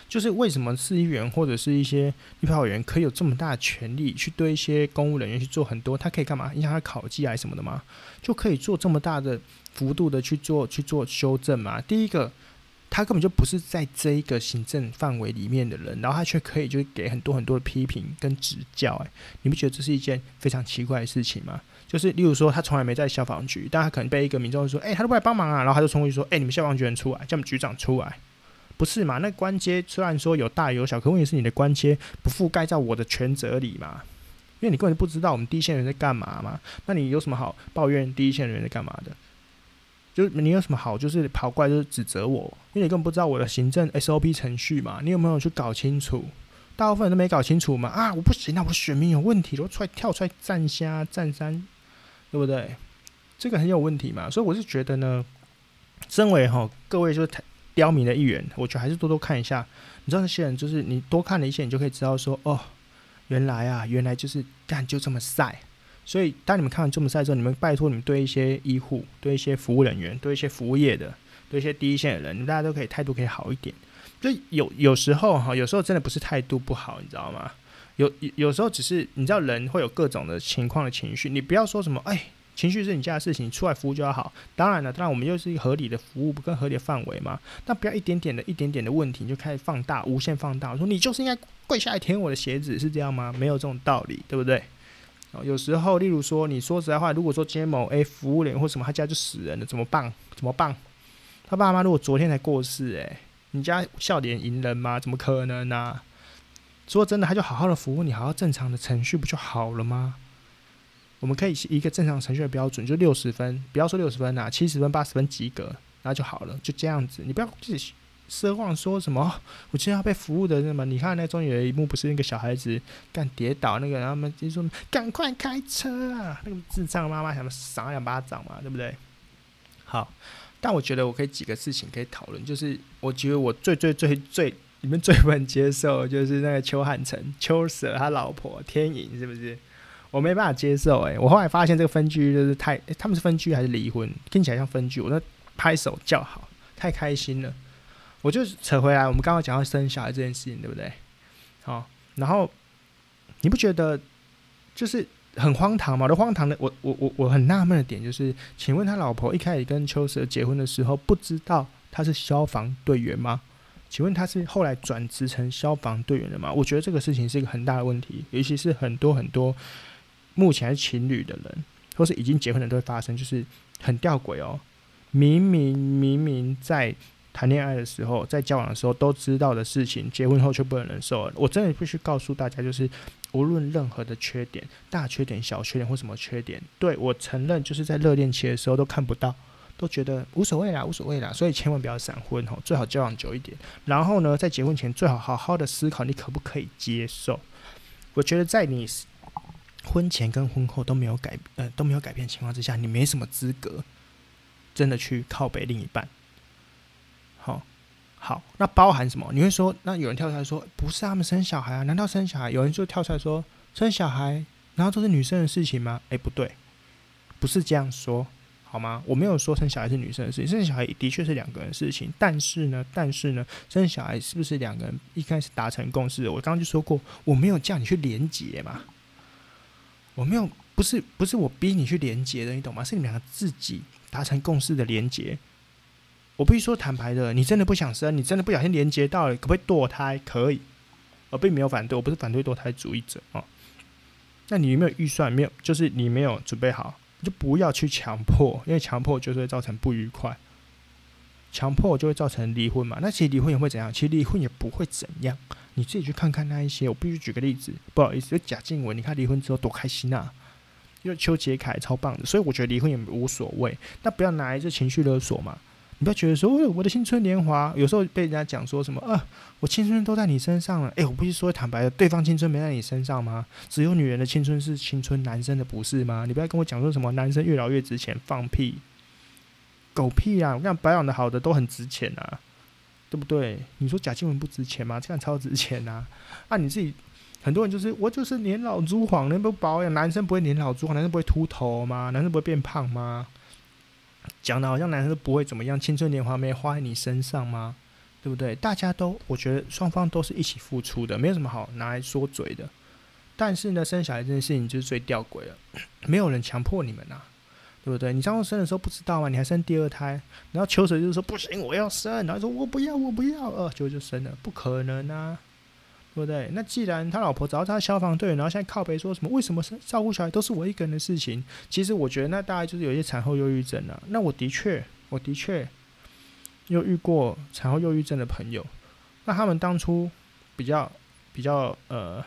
就是為什麼市議員或者是一些立法委員可以有這麼大的權力去對一些公務人員去做很多？他可以幹嘛？影響他考績啊什麼的嗎？就可以做這麼大的幅度的去做去做修正嘛？第一個。他根本就不是在這一個行政範圍裡面的人，然後他卻可以就是給很多很多的批評跟指教，欸，誒，你不覺得這是一件非常奇怪的事情嗎？就是例如說，他從來沒在消防局，但他可能被一個民眾說，誒、欸，他都不來幫忙啊，然後他就衝過去說，誒、欸，你們消防局人出來，叫我們局長出來，不是嘛？那官階雖然說有大有小，可問題是你的官階不覆蓋在我的權責裡嘛，因為你根本就不知道我們第一線人在幹嘛嘛，那你有什麼好抱怨第一線人在幹嘛的？就你有什麼好？就是跑過來，就是指責我，因為你根本不知道我的行政 SOP 程序嘛。你有沒有去搞清楚？大部分人都沒搞清楚嘛。啊，我不行，啊，那我選民有問題，我出來跳出來站蝦站山，對不對？這個很有問題嘛。所以我是覺得呢，身為哈各位就是刁民的一員，我覺得還是多多看一下。你知道那些人就是你多看了一些，你就可以知道說哦，原來啊，原來就是幹就這麼曬。所以，當你們看完這麼賽之後，你們拜託你們對一些醫護、對一些服務人員、對一些服務業的、對一些第一線的人，大家都可以態度可以好一點。所以有有時候哈，有時候真的不是態度不好，你知道嗎？有有時候只是你知道人會有各種的情況的情緒，你不要說什麼哎，情緒是你家的事情，你出來服務就要好。當然了，當然我們又是一個合理的服務，不跟合理的範圍嘛。那不要一點點的一點點的問題就開始放大，無限放大，我說你就是應該跪下來舔我的鞋子，是這樣嗎？沒有這種道理，對不對？有時候，例如說，你說實在話，如果說今天某哎服務員或什麼，他家就死人了，怎麼辦？怎麼辦？他爸媽如果昨天才過世，欸，誒，你家笑臉迎人嗎？怎麼可能呢？啊？說真的，他就好好的服務你，好好正常的程序不就好了嗎？我們可以，以一個正常程序的標準，就六十分，不要說六十分啊，七十分、八十分及格，那就好了，就這樣子，你不要自己，奢望說什麼？哦、我就是要被服務的那麼？你看那中有一幕，不是那個小孩子干跌倒那個，然後他們就說趕快開車啊！那個智障媽媽想賞兩巴掌嘛，對不對、嗯？好，但我覺得我可以幾個事情可以討論，就是我覺得我最最最最裡面最不能接受就是那個邱漢成邱 Sir 他老婆天穎是不是？我沒辦法接受誒、欸，我後來發現這個分居就是太、欸，他們是分居還是離婚？聽起來像分居，我那拍手叫好，太開心了。我就扯回來，我們剛剛講到生小孩這件事情，對不對？好、哦，然後你不覺得就是很荒唐嗎？都荒唐的，我我我我很納悶的點就是，請問他老婆一開始跟邱 Sir 結婚的時候，不知道他是消防隊員嗎？請問他是後來轉職成消防隊員的嗎？我覺得這個事情是一個很大的問題，尤其是很多很多目前是情侶的人，或是已經結婚的人都會發生，就是很吊詭哦，明明明明在。談戀愛的時候，在交往的時候都知道的事情，結婚後卻不能忍受了。我真的必須告訴大家，就是無論任何的缺點，大缺點、小缺點或什麼缺點，對，我承認就是在熱戀期的時候都看不到，都覺得無所謂啦，無所謂啦。所以千萬不要閃婚哦，最好交往久一點。然後呢，在結婚前最好好好的思考，你可不可以接受？我覺得在你婚前跟婚後都沒有改，呃，都沒有改變情況之下，你沒什麼資格真的去靠北另一半。好、哦，好，那包含什麼？你會說，那有人跳出來說，不是他們生小孩啊？難道生小孩？有人就跳出來說，生小孩，難道都是女生的事情嗎？哎、欸，不對，不是這樣說，好嗎？我沒有說生小孩是女生的事情，生小孩的確是兩個人的事情，但是呢，但是呢，生小孩是不是兩個人一開始達成共識的？我剛剛就說過，我沒有叫你去連結嘛，我沒有，不是，不是我逼你去連接的，你懂嗎？是你們兩個自己達成共識的連接。我必須說坦白的，你真的不想生，你真的不小心連接到了，可不可以墮胎？可以，我、哦、並沒有反對，我不是反對墮胎主義者啊、哦。那你有沒有預算？沒有，就是你沒有準備好，就不要去強迫，因為強迫就是會造成不愉快，強迫就會造成離婚嘛。那其實離婚也會怎樣？其實離婚也不會怎樣，你自己去看看那一些。我必須舉個例子，不好意思，就賈靜雯，你看離婚之後多開心啊，因為邱杰凱超棒的，所以我覺得離婚也無所謂。那不要拿一些情緒勒索嘛。你不要覺得說，哎，我的青春年華，有時候被人家講說什麼，呃、啊，我青春都在你身上了。哎、欸，我不是說坦白對方青春沒在你身上嗎？只有女人的青春是青春，男生的不是嗎？你不要跟我講說什麼，男生越老越值錢，放屁，狗屁啊！我講保養的好的都很值錢啊，對不對？你說賈靜雯不值錢嗎？這樣超值錢啊！啊，你自己，很多人就是我就是年老珠黃，那不保養，男生不會年老珠黃，男生不會禿頭嗎？男生不會變胖嗎？講的好像男生都不會怎麼樣，青春年華沒花在你身上嗎？對不對？大家都，我覺得雙方都是一起付出的，沒有什麼好拿來說嘴的。但是呢，生小孩這件事情就是最吊詭了，沒有人強迫你們吶、啊，對不對？你上次生的時候不知道嗎？你還生第二胎，然後求水就是說不行，我要生，然後說我不要，我不要，呃，就就生了，不可能啊。對不對？那既然他老婆找到他消防隊，然後現在靠北說什麼？為什麼是照顧小孩都是我一個人的事情？其實我覺得那大概就是有些產後憂鬱症了啊。那我的確，我的確又遇過產後憂鬱症的朋友。那他們當初比較比較呃。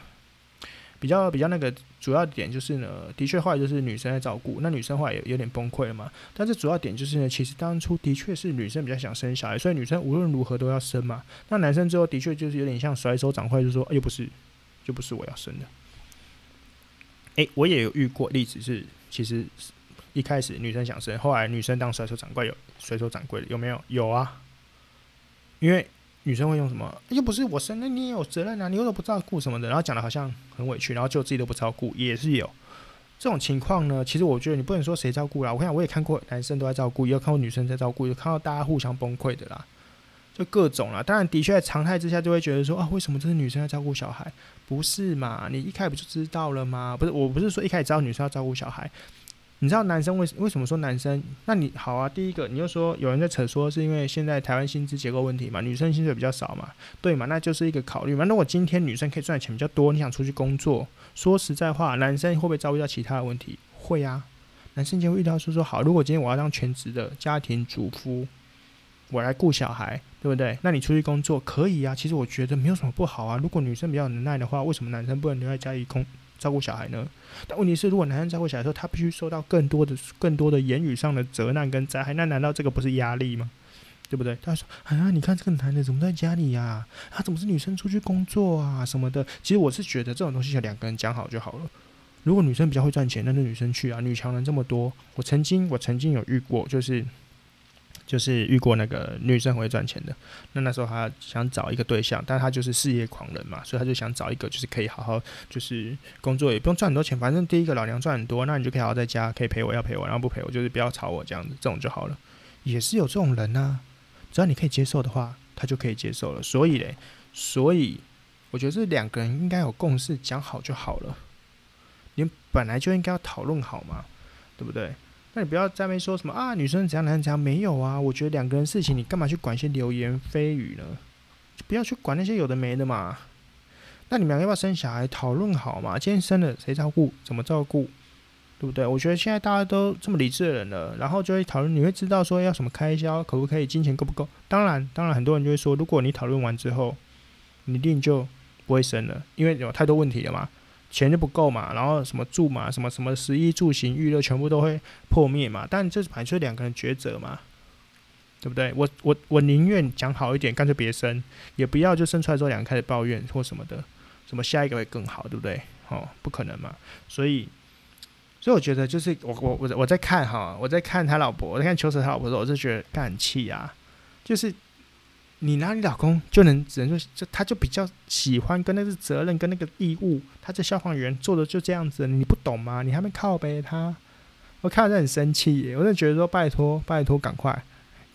比較比較那個主要點就是呢，的確後來就是女生在照顧，那女生後來也有點崩潰了嘛。但是主要點就是呢，其實當初的確是女生比較想生小孩，所以女生無論如何都要生嘛。那男生之後的確就是有點像甩手掌櫃，就說又、欸、不是，就不是我要生的。哎、欸，我也有遇過例子是，其實一開始女生想生，後來女生當甩手掌櫃有，有甩手掌櫃有沒有？有啊，因為。女生會用什麼？欸、又不是我生的，你也有責任啊！你又都不照顧什麼的，然後講的好像很委屈，然後就自己都不照顧，也是有這種情況呢。其實我覺得你不能說誰照顧啦。我看我也看過男生都在照顧，也有看過女生在照顧，也有看到大家互相崩潰的啦，就各種啦。當然，的確在常態之下就會覺得說啊，為什麼這是女生要照顧小孩？不是嘛？你一開始不就知道了嗎？不是，我不是說一開始知道女生要照顧小孩。你知道男生為為什麼說男生？那你好啊，第一個，你又說有人在扯說是因為現在台灣薪資結構問題嘛，女生薪水比較少嘛，對嘛，那就是一個考慮嘛。如果今天女生可以賺的錢比較多，你想出去工作，說實在話，男生會不會遭遇到其他的問題？會啊，男生就會遇到說，說說好，如果今天我要當全職的家庭主婦，我來顧小孩，對不對？那你出去工作可以啊，其實我覺得沒有什麼不好啊。如果女生比較能耐的話，為什麼男生不能留在家裡工？照顧小孩呢，但問題是，如果男生照顧小孩的時候，他必須受到更多的、更多的言語上的責難跟災害，那難道這個不是壓力嗎？對不對？他說，哎呀，你看這個男的怎麼在家裡呀？他怎麼是女生出去工作啊？什麼的？其實我是覺得這種東西要兩個人講好就好了。如果女生比較會賺錢，那就女生去啊，女強人這麼多。我曾經，我曾經有遇過，就是。就是遇過那個女生很會賺錢的，那那時候他想找一個對象，但他就是事業狂人嘛，所以他就想找一個就是可以好好就是工作也不用賺很多錢，反正第一個老娘賺很多，那你就可以好好在家可以陪我，要陪我，然後不陪我就是不要吵我這樣子，這種就好了，也是有這種人吶、啊，只要你可以接受的話，他就可以接受了，所以嘞，所以我覺得這兩個人應該有共識，講好就好了，你本來就應該要討論好嘛，對不對？那你不要在那說什麼啊，女生怎樣男生怎樣？沒有啊，我覺得兩個人事情，你幹嘛去管一些流言蜚語呢？就不要去管那些有的沒的嘛。那你們兩個要不要生小孩？討論好嘛？今天生了誰照顧？怎麼照顧？對不對？我覺得現在大家都這麼理智的人了，然後就會討論，你會知道說要什麼開銷，可不可以？金錢夠不夠？當然，當然，很多人就會說，如果你討論完之後，你一定就不會生了，因為有太多問題了嘛。錢就不夠嘛，然後什麼住嘛，什麼什麼食衣住行娛樂，全部都會破滅嘛。但這是純粹兩個人抉擇嘛，對不對？我我我寧願講好一點，乾脆別生，也不要就生出來之後兩個開始抱怨或什麼的。什麼下一個會更好，對不對？哦，不可能嘛。所以，所以我覺得就是我我我我在看哈，我在看他老婆，我在看邱澤他老婆的時候，我就覺得他很氣啊，就是。你拿你老公就能只能說，就他就比較喜歡跟那個責任跟那個義務，他這消防員做的就這樣子，你不懂嗎？你還沒靠背他，我看到很生氣，我就覺得說拜托拜托趕快。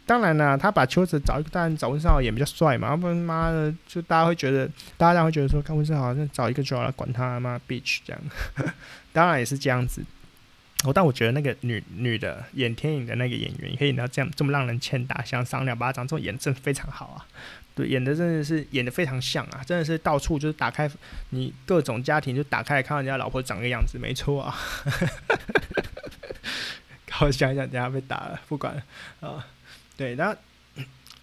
當然了、啊，他把邱澤找一個，當然找溫昇豪也比較帥嘛，不然媽的就大家會覺得，大家會覺得說，看溫昇豪好像找一個主要來管他媽 bitch 這樣呵呵，當然也是這樣子。哦，但我覺得那個女女的演天影的那個演員，可以呢，這樣這麼讓人欠打，想扇兩巴掌，這種演真的非常好啊！對，演的真的是演的非常像啊，真的是到處就是打開你各種家庭，就打開來看到人家老婆長個樣子，沒錯啊。好想想一下等一下被打了，不管啊。對，然後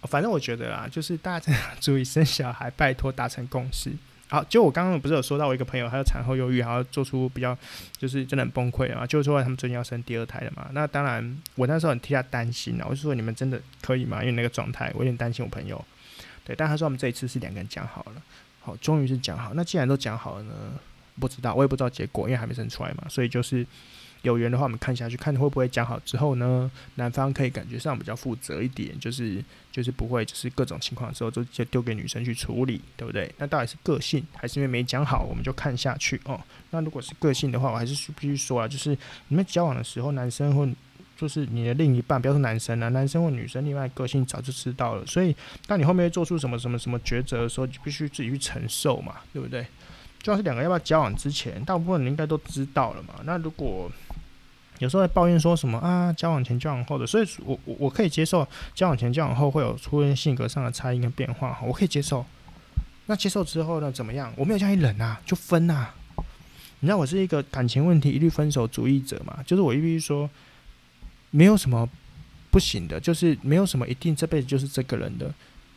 反正我覺得啊，就是大家真的要注意生小孩，拜託達成共識。好，就我剛剛不是有說到我一個朋友，他有產後憂鬱，還要做出比較，就是真的很崩潰啊！就是說他們最近要生第二胎了嘛。那當然，我那時候很替他擔心啊。我就說你們真的可以嗎？因為那個狀態，我有點擔心我朋友。對，但他說我們這一次是兩個人講好了，好，終於是講好。那既然都講好了呢，不知道，我也不知道結果，因為還沒生出來嘛，所以就是。有緣的話，我們看下去，看會不會講好之後呢，男方可以感覺上比較負責一點，就是就是不會就是各種情況的時候就丟給女生去處理，對不對？那到底是個性還是因為沒講好？我們就看下去哦。那如果是個性的話，我還是必須說啊，就是你們交往的時候，男生或就是你的另一半，不要說男生啊，男生或女生，另外個性早就知道了，所以當你後面做出什麼什麼什麼抉擇的時候，就必須自己去承受嘛，對不對？就是兩個要不要交往之前，大部分人應該都知道了嘛。那如果有時候會抱怨說什麼啊，交往前交往後的，所以我我我可以接受交往前交往後會有出現性格上的差異跟變化，我可以接受。那接受之後呢，怎麼樣？我沒有這樣一忍啊，就分啊。你知道我是一個感情問題一律分手主義者嘛？就是我一律說沒有什麼不行的，就是沒有什麼一定這輩子就是這個人的。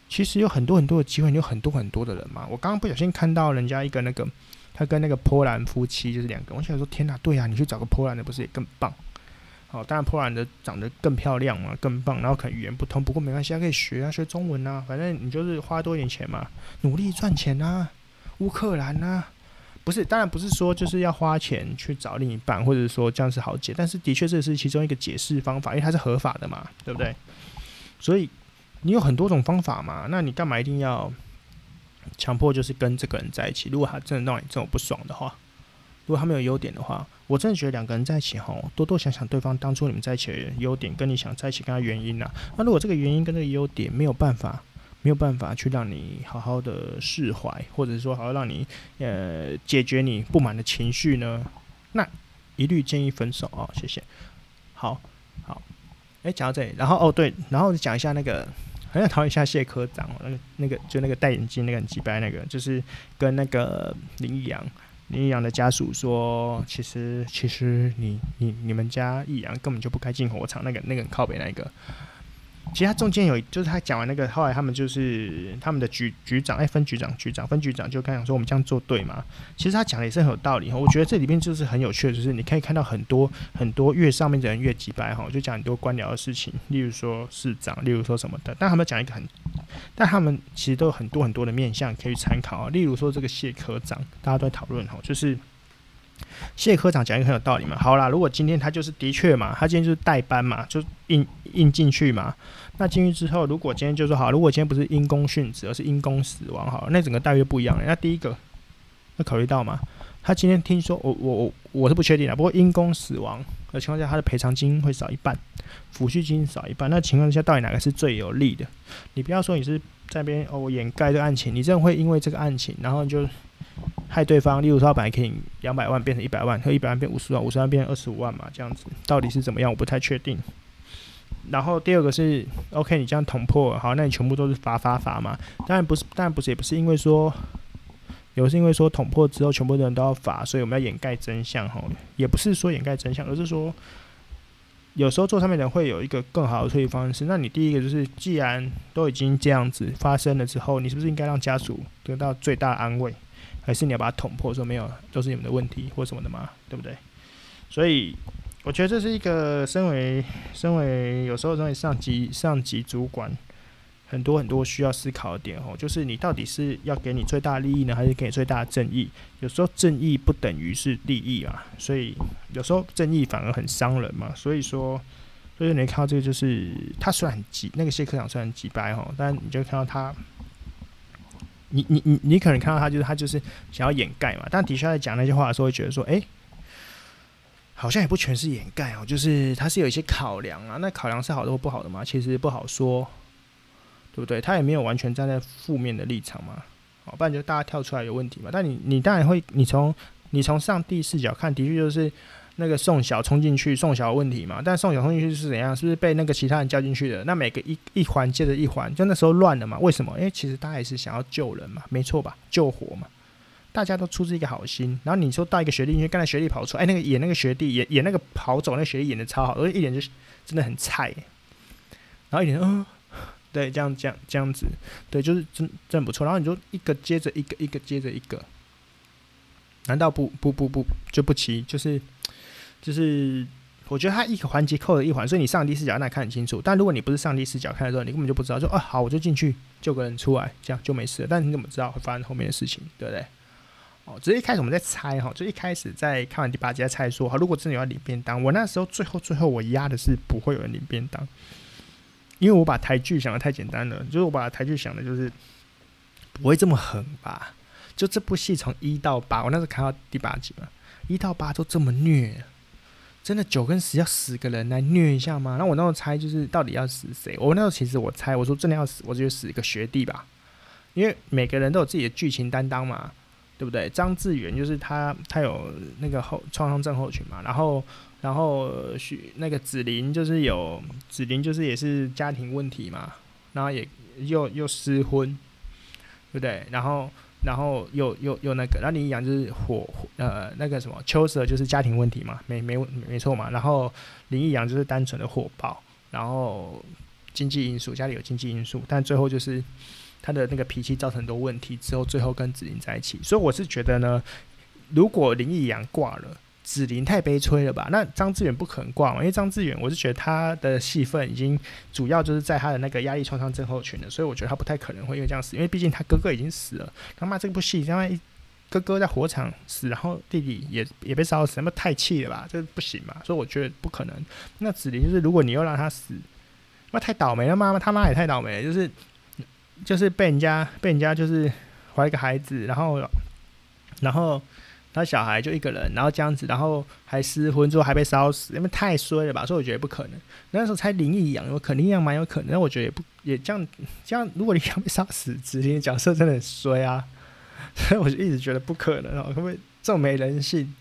其實有很多很多的機會，有很多很多的人嘛。我剛剛不小心看到人家一個那個，他跟那個波蘭夫妻就是兩個，我想說天哪，啊，對呀，啊，你去找個波蘭的不是也更棒？哦，當然波蘭的長得更漂亮嘛，更棒。然後可能語言不通，不過沒關係，他可以學，啊，學中文吶，啊。反正你就是花多一點錢嘛，努力賺錢吶，啊。烏克蘭吶，啊，不是，當然不是說就是要花錢去找另一半，或者說這樣是好解，但是的確這是其中一個解釋方法，因為它是合法的嘛，對不對？所以。你有很多種方法嘛，那你幹嘛一定要強迫就是跟這個人在一起？如果他真的讓你這麼不爽的話，如果他沒有優點的話，我真的覺得兩個人在一起吼，多多想想對方當初你們在一起的優點，跟你想在一起跟他的原因吶、啊。那如果這個原因跟這個優點沒有辦法，沒有辦法去讓你好好的釋懷，或者說好好讓你呃解決你不滿的情緒呢，那一律建議分手啊、哦，謝謝。好，好，哎、欸，講到這裡，然後哦對，然後講一下那個。我想討論一下謝科長，那個那個就那個戴眼鏡那個很雞掰那個，就是跟那個林義陽，林義陽的家屬說，其實其實你你你們家義陽根本就不該進火場，那個那個很靠北那個。其實他中間有，就是他講完那個，後來他們就是他們的局局長，哎，分局長、局長、分局長，就跟他講說我們這樣做對嗎？其實他講的也是很有道理哈。我覺得這裡面就是很有趣，就是你可以看到很多很多越上面的人越急白哈，就講很多官僚的事情，例如說市長，例如說什麼的。但他們講一個很，但他們其實都有很多很多的面向可以參考啊。例如說這個謝科長，大家都在討論哈，就是。謝科長講一個很有道理嘛，好啦，如果今天他就是的確嘛，他今天就是代班嘛，就印印進去嘛。那進去之後，如果今天就是說好，如果今天不是因公殉職，而是因公死亡，好，那整個待遇不一樣。那第一個要考慮到嘛，他今天聽說，我我我我是不確定的。不過因公死亡的情況下，他的賠償金會少一半，撫恤金少一半。那情況下到底哪個是最有利的？你不要說你是在那邊哦我掩蓋這個案情，你這樣會因為這個案情，然後你就。害對方，例如說，本來可以兩百萬變成一百萬，和一百萬變五十萬，五十萬變二十五萬嘛，這樣子到底是怎麼樣？我不太確定。然後第二個是，OK，你這樣捅破，好，那你全部都是罰罰罰嘛？當然不是，當然不是，也不是因為說，有是因為說捅破之後，全部的人都要罰，所以我們要掩蓋真相吼？也不是說掩蓋真相，而是說有時候做上面的人會有一個更好的處理方式。那你第一個就是，既然都已經這樣子發生了之後，你是不是應該讓家屬得到最大的安慰？還是你要把它捅破，說沒有都是你們的問題或什麼的嘛，對不對？所以我覺得這是一個身為身為有時候認為上級上級主管，很多很多需要思考的點哦，就是你到底是要給你最大利益呢，還是給你最大的正義？有時候正義不等於是利益啊，所以有時候正義反而很傷人嘛。所以說，所以你看到這個就是他雖然很急，那個謝科長雖然很急掰齁，但你就看到他。你你你你可能看到他就是他就是想要掩蓋嘛，但的確在講那些話的時候，會覺得說，欸，好像也不全是掩蓋哦，就是他是有一些考量啊。那考量是好的或不好的嘛？其實不好說，對不對？他也沒有完全站在負面的立場嘛，哦，不然就大家跳出來有問題嘛。但你你當然會，你從你從上帝視角看，的確就是。那個宋小衝進去，宋小的問題嘛？但宋小衝進去是怎樣？是不是被那個其他人叫進去的？那每個一一環接着一環，就那時候亂了嘛？為什麼？因為其實他還也是想要救人嘛，沒錯吧？救火嘛，大家都出自一個好心。然後你說帶一個學弟進去，剛才學弟跑出來。哎，那個演那個學弟演演那個跑走，那個、學弟演的超好的，而且一點就真的很菜、欸。然後一點嗯、哦，對，這樣這樣這樣子，對，就是真真不錯。然後你就一個接着一個，一個接着一個，難道不不不不就不齊？就是。就是我覺得它一個環節扣了一環，所以你上帝視角那看很清楚。但如果你不是上帝視角看的時候，你根本就不知道，就啊好，我就進去救個人出來，這樣就沒事了。但你怎麼知道會發生後面的事情，對不對？哦，直接一開始我們在猜哈，就一開始在看完第八集在猜說，哈如果真的要領便當，我那時候最後最後，最後我壓的是不會有人領便當，因為我把台劇想得太簡單了，就是我把台劇想的就是不會這麼狠吧？就這部戲從一到八，我那時候看到第八集嘛，一到八都這麼虐。真的九跟十，要死個人來虐一下嗎？那我那時候猜就是，到底要死誰？我那時候其實我猜，我說真的要死，我就死一個學弟吧，因為每個人都有自己的劇情擔當嘛，對不對？張志遠就是他，他有那個後創傷症候群嘛，然後然後徐那個子伶就是有子伶，就是也是家庭問題嘛，然後也又又失婚，對不對？然後。然後有有有那個，然後林義陽就是火，呃，那個什麼秋色就是家庭問題嘛，沒沒沒錯嘛。然後林義陽就是單純的火爆，然後經濟因素，家裡有經濟因素，但最後就是他的那個脾氣造成很多問題，之後最後跟子伶在一起。所以我是覺得呢，如果林義陽掛了。子伶太悲催了吧？那張志遠不可能掛嘛？因為張志遠，我是覺得他的戲份已經主要就是在他的那個壓力創傷症候群了，所以我覺得他不太可能會因為這樣死。因為畢竟他哥哥已經死了，他媽這部戲他媽一哥哥在火場死，然後弟弟也也被燒死，那麼太氣了吧？這不行吧。所以我覺得不可能。那子伶就是，如果你又讓他死，那太倒霉了，媽媽他媽也太倒霉了，就是就是被人家被人家就是懷一個孩子，然後然後。他小孩就一個人，然後這樣子，然後還失婚之後還被燒死，因為太衰了吧，所以我覺得不可能。那時候才林義陽，我肯定也蠻有可能，但我覺得也不也這樣這樣。如果你要被燒死，指的角色真的很衰啊，所以我就一直覺得不可能，哦，啊，會不會這種沒人性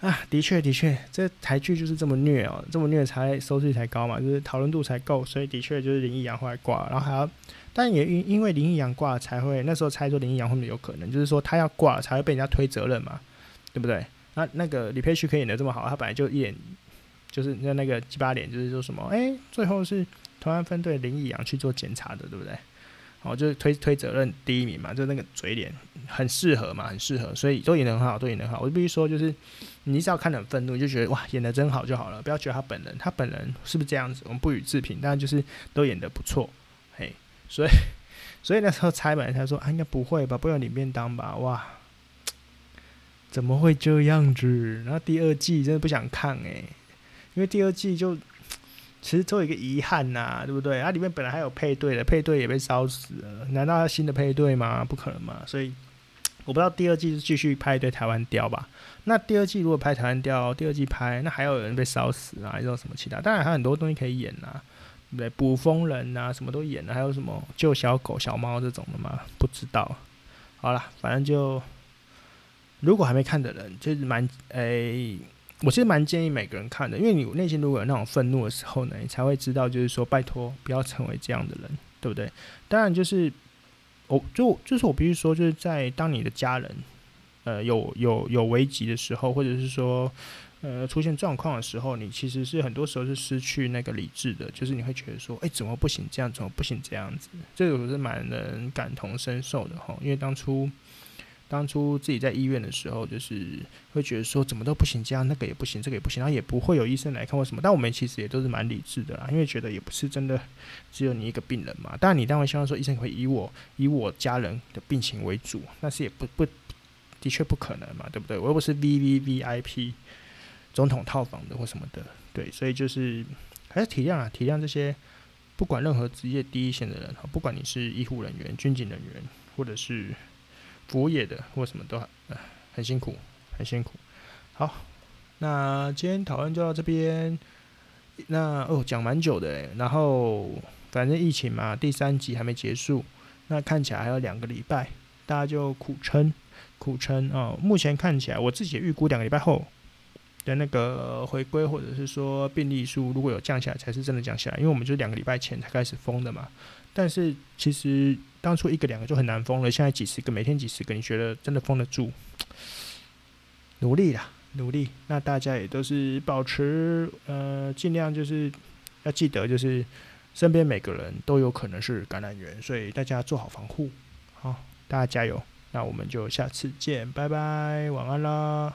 啊，的確的確，這台劇就是這麼虐哦，這麼虐才收視率才高嘛，就是討論度才夠，所以的確就是林義陽後來掛，然後還要。但也因因為林易陽掛，才會那時候猜說林易陽後面有可能，就是說他要掛才會被人家推責任嘛，對不對？那那個李佩旭可以演得這麼好，他本來就演就是那那個雞巴臉，就是說什麼哎、欸，最後是同安分隊林易陽去做檢查的，對不對？哦，就是推推責任第一名嘛，就那個嘴臉很適合嘛，很適合，所以都演得很好，都演得很好。我必須說，就是你只要看得很憤怒，就覺得哇，演得真好就好了，不要覺得他本人，他本人是不是這樣子，我們不予置評，但就是都演得不錯。所以，所以那時候拆買才說，啊，應該不會吧，不用領便當吧，哇，怎麼會這樣子？然後第二季真的不想看誒、欸，因為第二季就其實作為一個遺憾吶、啊，對不對？它、啊、裡面本來還有配對的，配對也被燒死了，難道要新的配對嗎？不可能嘛，所以我不知道第二季是繼續拍一對台灣鯛吧？那第二季如果拍台灣鯛，第二季拍那還有人被燒死啊？還是什麼其他？當然還有很多東西可以演吶、啊。對，捕蜂人啊，什麼都演的、啊。還有什麼救小狗、小貓這種的嗎？不知道。好了，反正就，如果還沒看的人，就是蠻誒、欸，我是蠻建議每個人看的，因為你內心如果有那種憤怒的時候呢，你才會知道，就是說拜托不要成為這樣的人，對不對？當然就是，我就就是我必須說，就是在當你的家人，呃，有有有危急的時候，或者是說。呃，出現狀況的時候，你其實是很多時候是失去那個理智的，就是你會覺得說，哎、欸，怎麼不行這樣，怎麼不行這樣子，這個我是蠻能感同身受的哈。因為當初當初自己在醫院的時候，就是會覺得說，怎麼都不行這樣，那個也不行，這個也不行，然後也不會有醫生來看為什麼。但我們其實也都是蠻理智的啦，因為覺得也不是真的只有你一個病人嘛。但你當然希望說醫生會以，以我以我家人的病情為主，但是也不不的確不可能嘛，對不對？我又不是 VVVIP。總統套房的或什麼的，對，所以就是還是體諒啊，體諒這些不管任何職業第一線的人，不管你是醫護人員、軍警人員，或者是服務業的或什麼都很辛苦，很辛苦。好，那今天討論就到這邊。那哦，講蠻久的哎、欸，然後反正疫情嘛，第三級還沒結束，那看起來還有兩個禮拜，大家就苦撐苦撐啊、哦。目前看起來，我自己也預估，兩個禮拜後。的那個回歸，或者是說病例數如果有降下來，才是真的降下來。因為我們就兩個禮拜前才開始封的嘛。但是其實當初一個兩個就很難封了，現在幾十個，每天幾十個，你覺得真的封得住？努力啦，努力。那大家也都是保持呃，盡量就是要記得，就是身邊每個人都有可能是感染源，所以大家做好防護。好，大家加油。那我們就下次見，拜拜，晚安啦。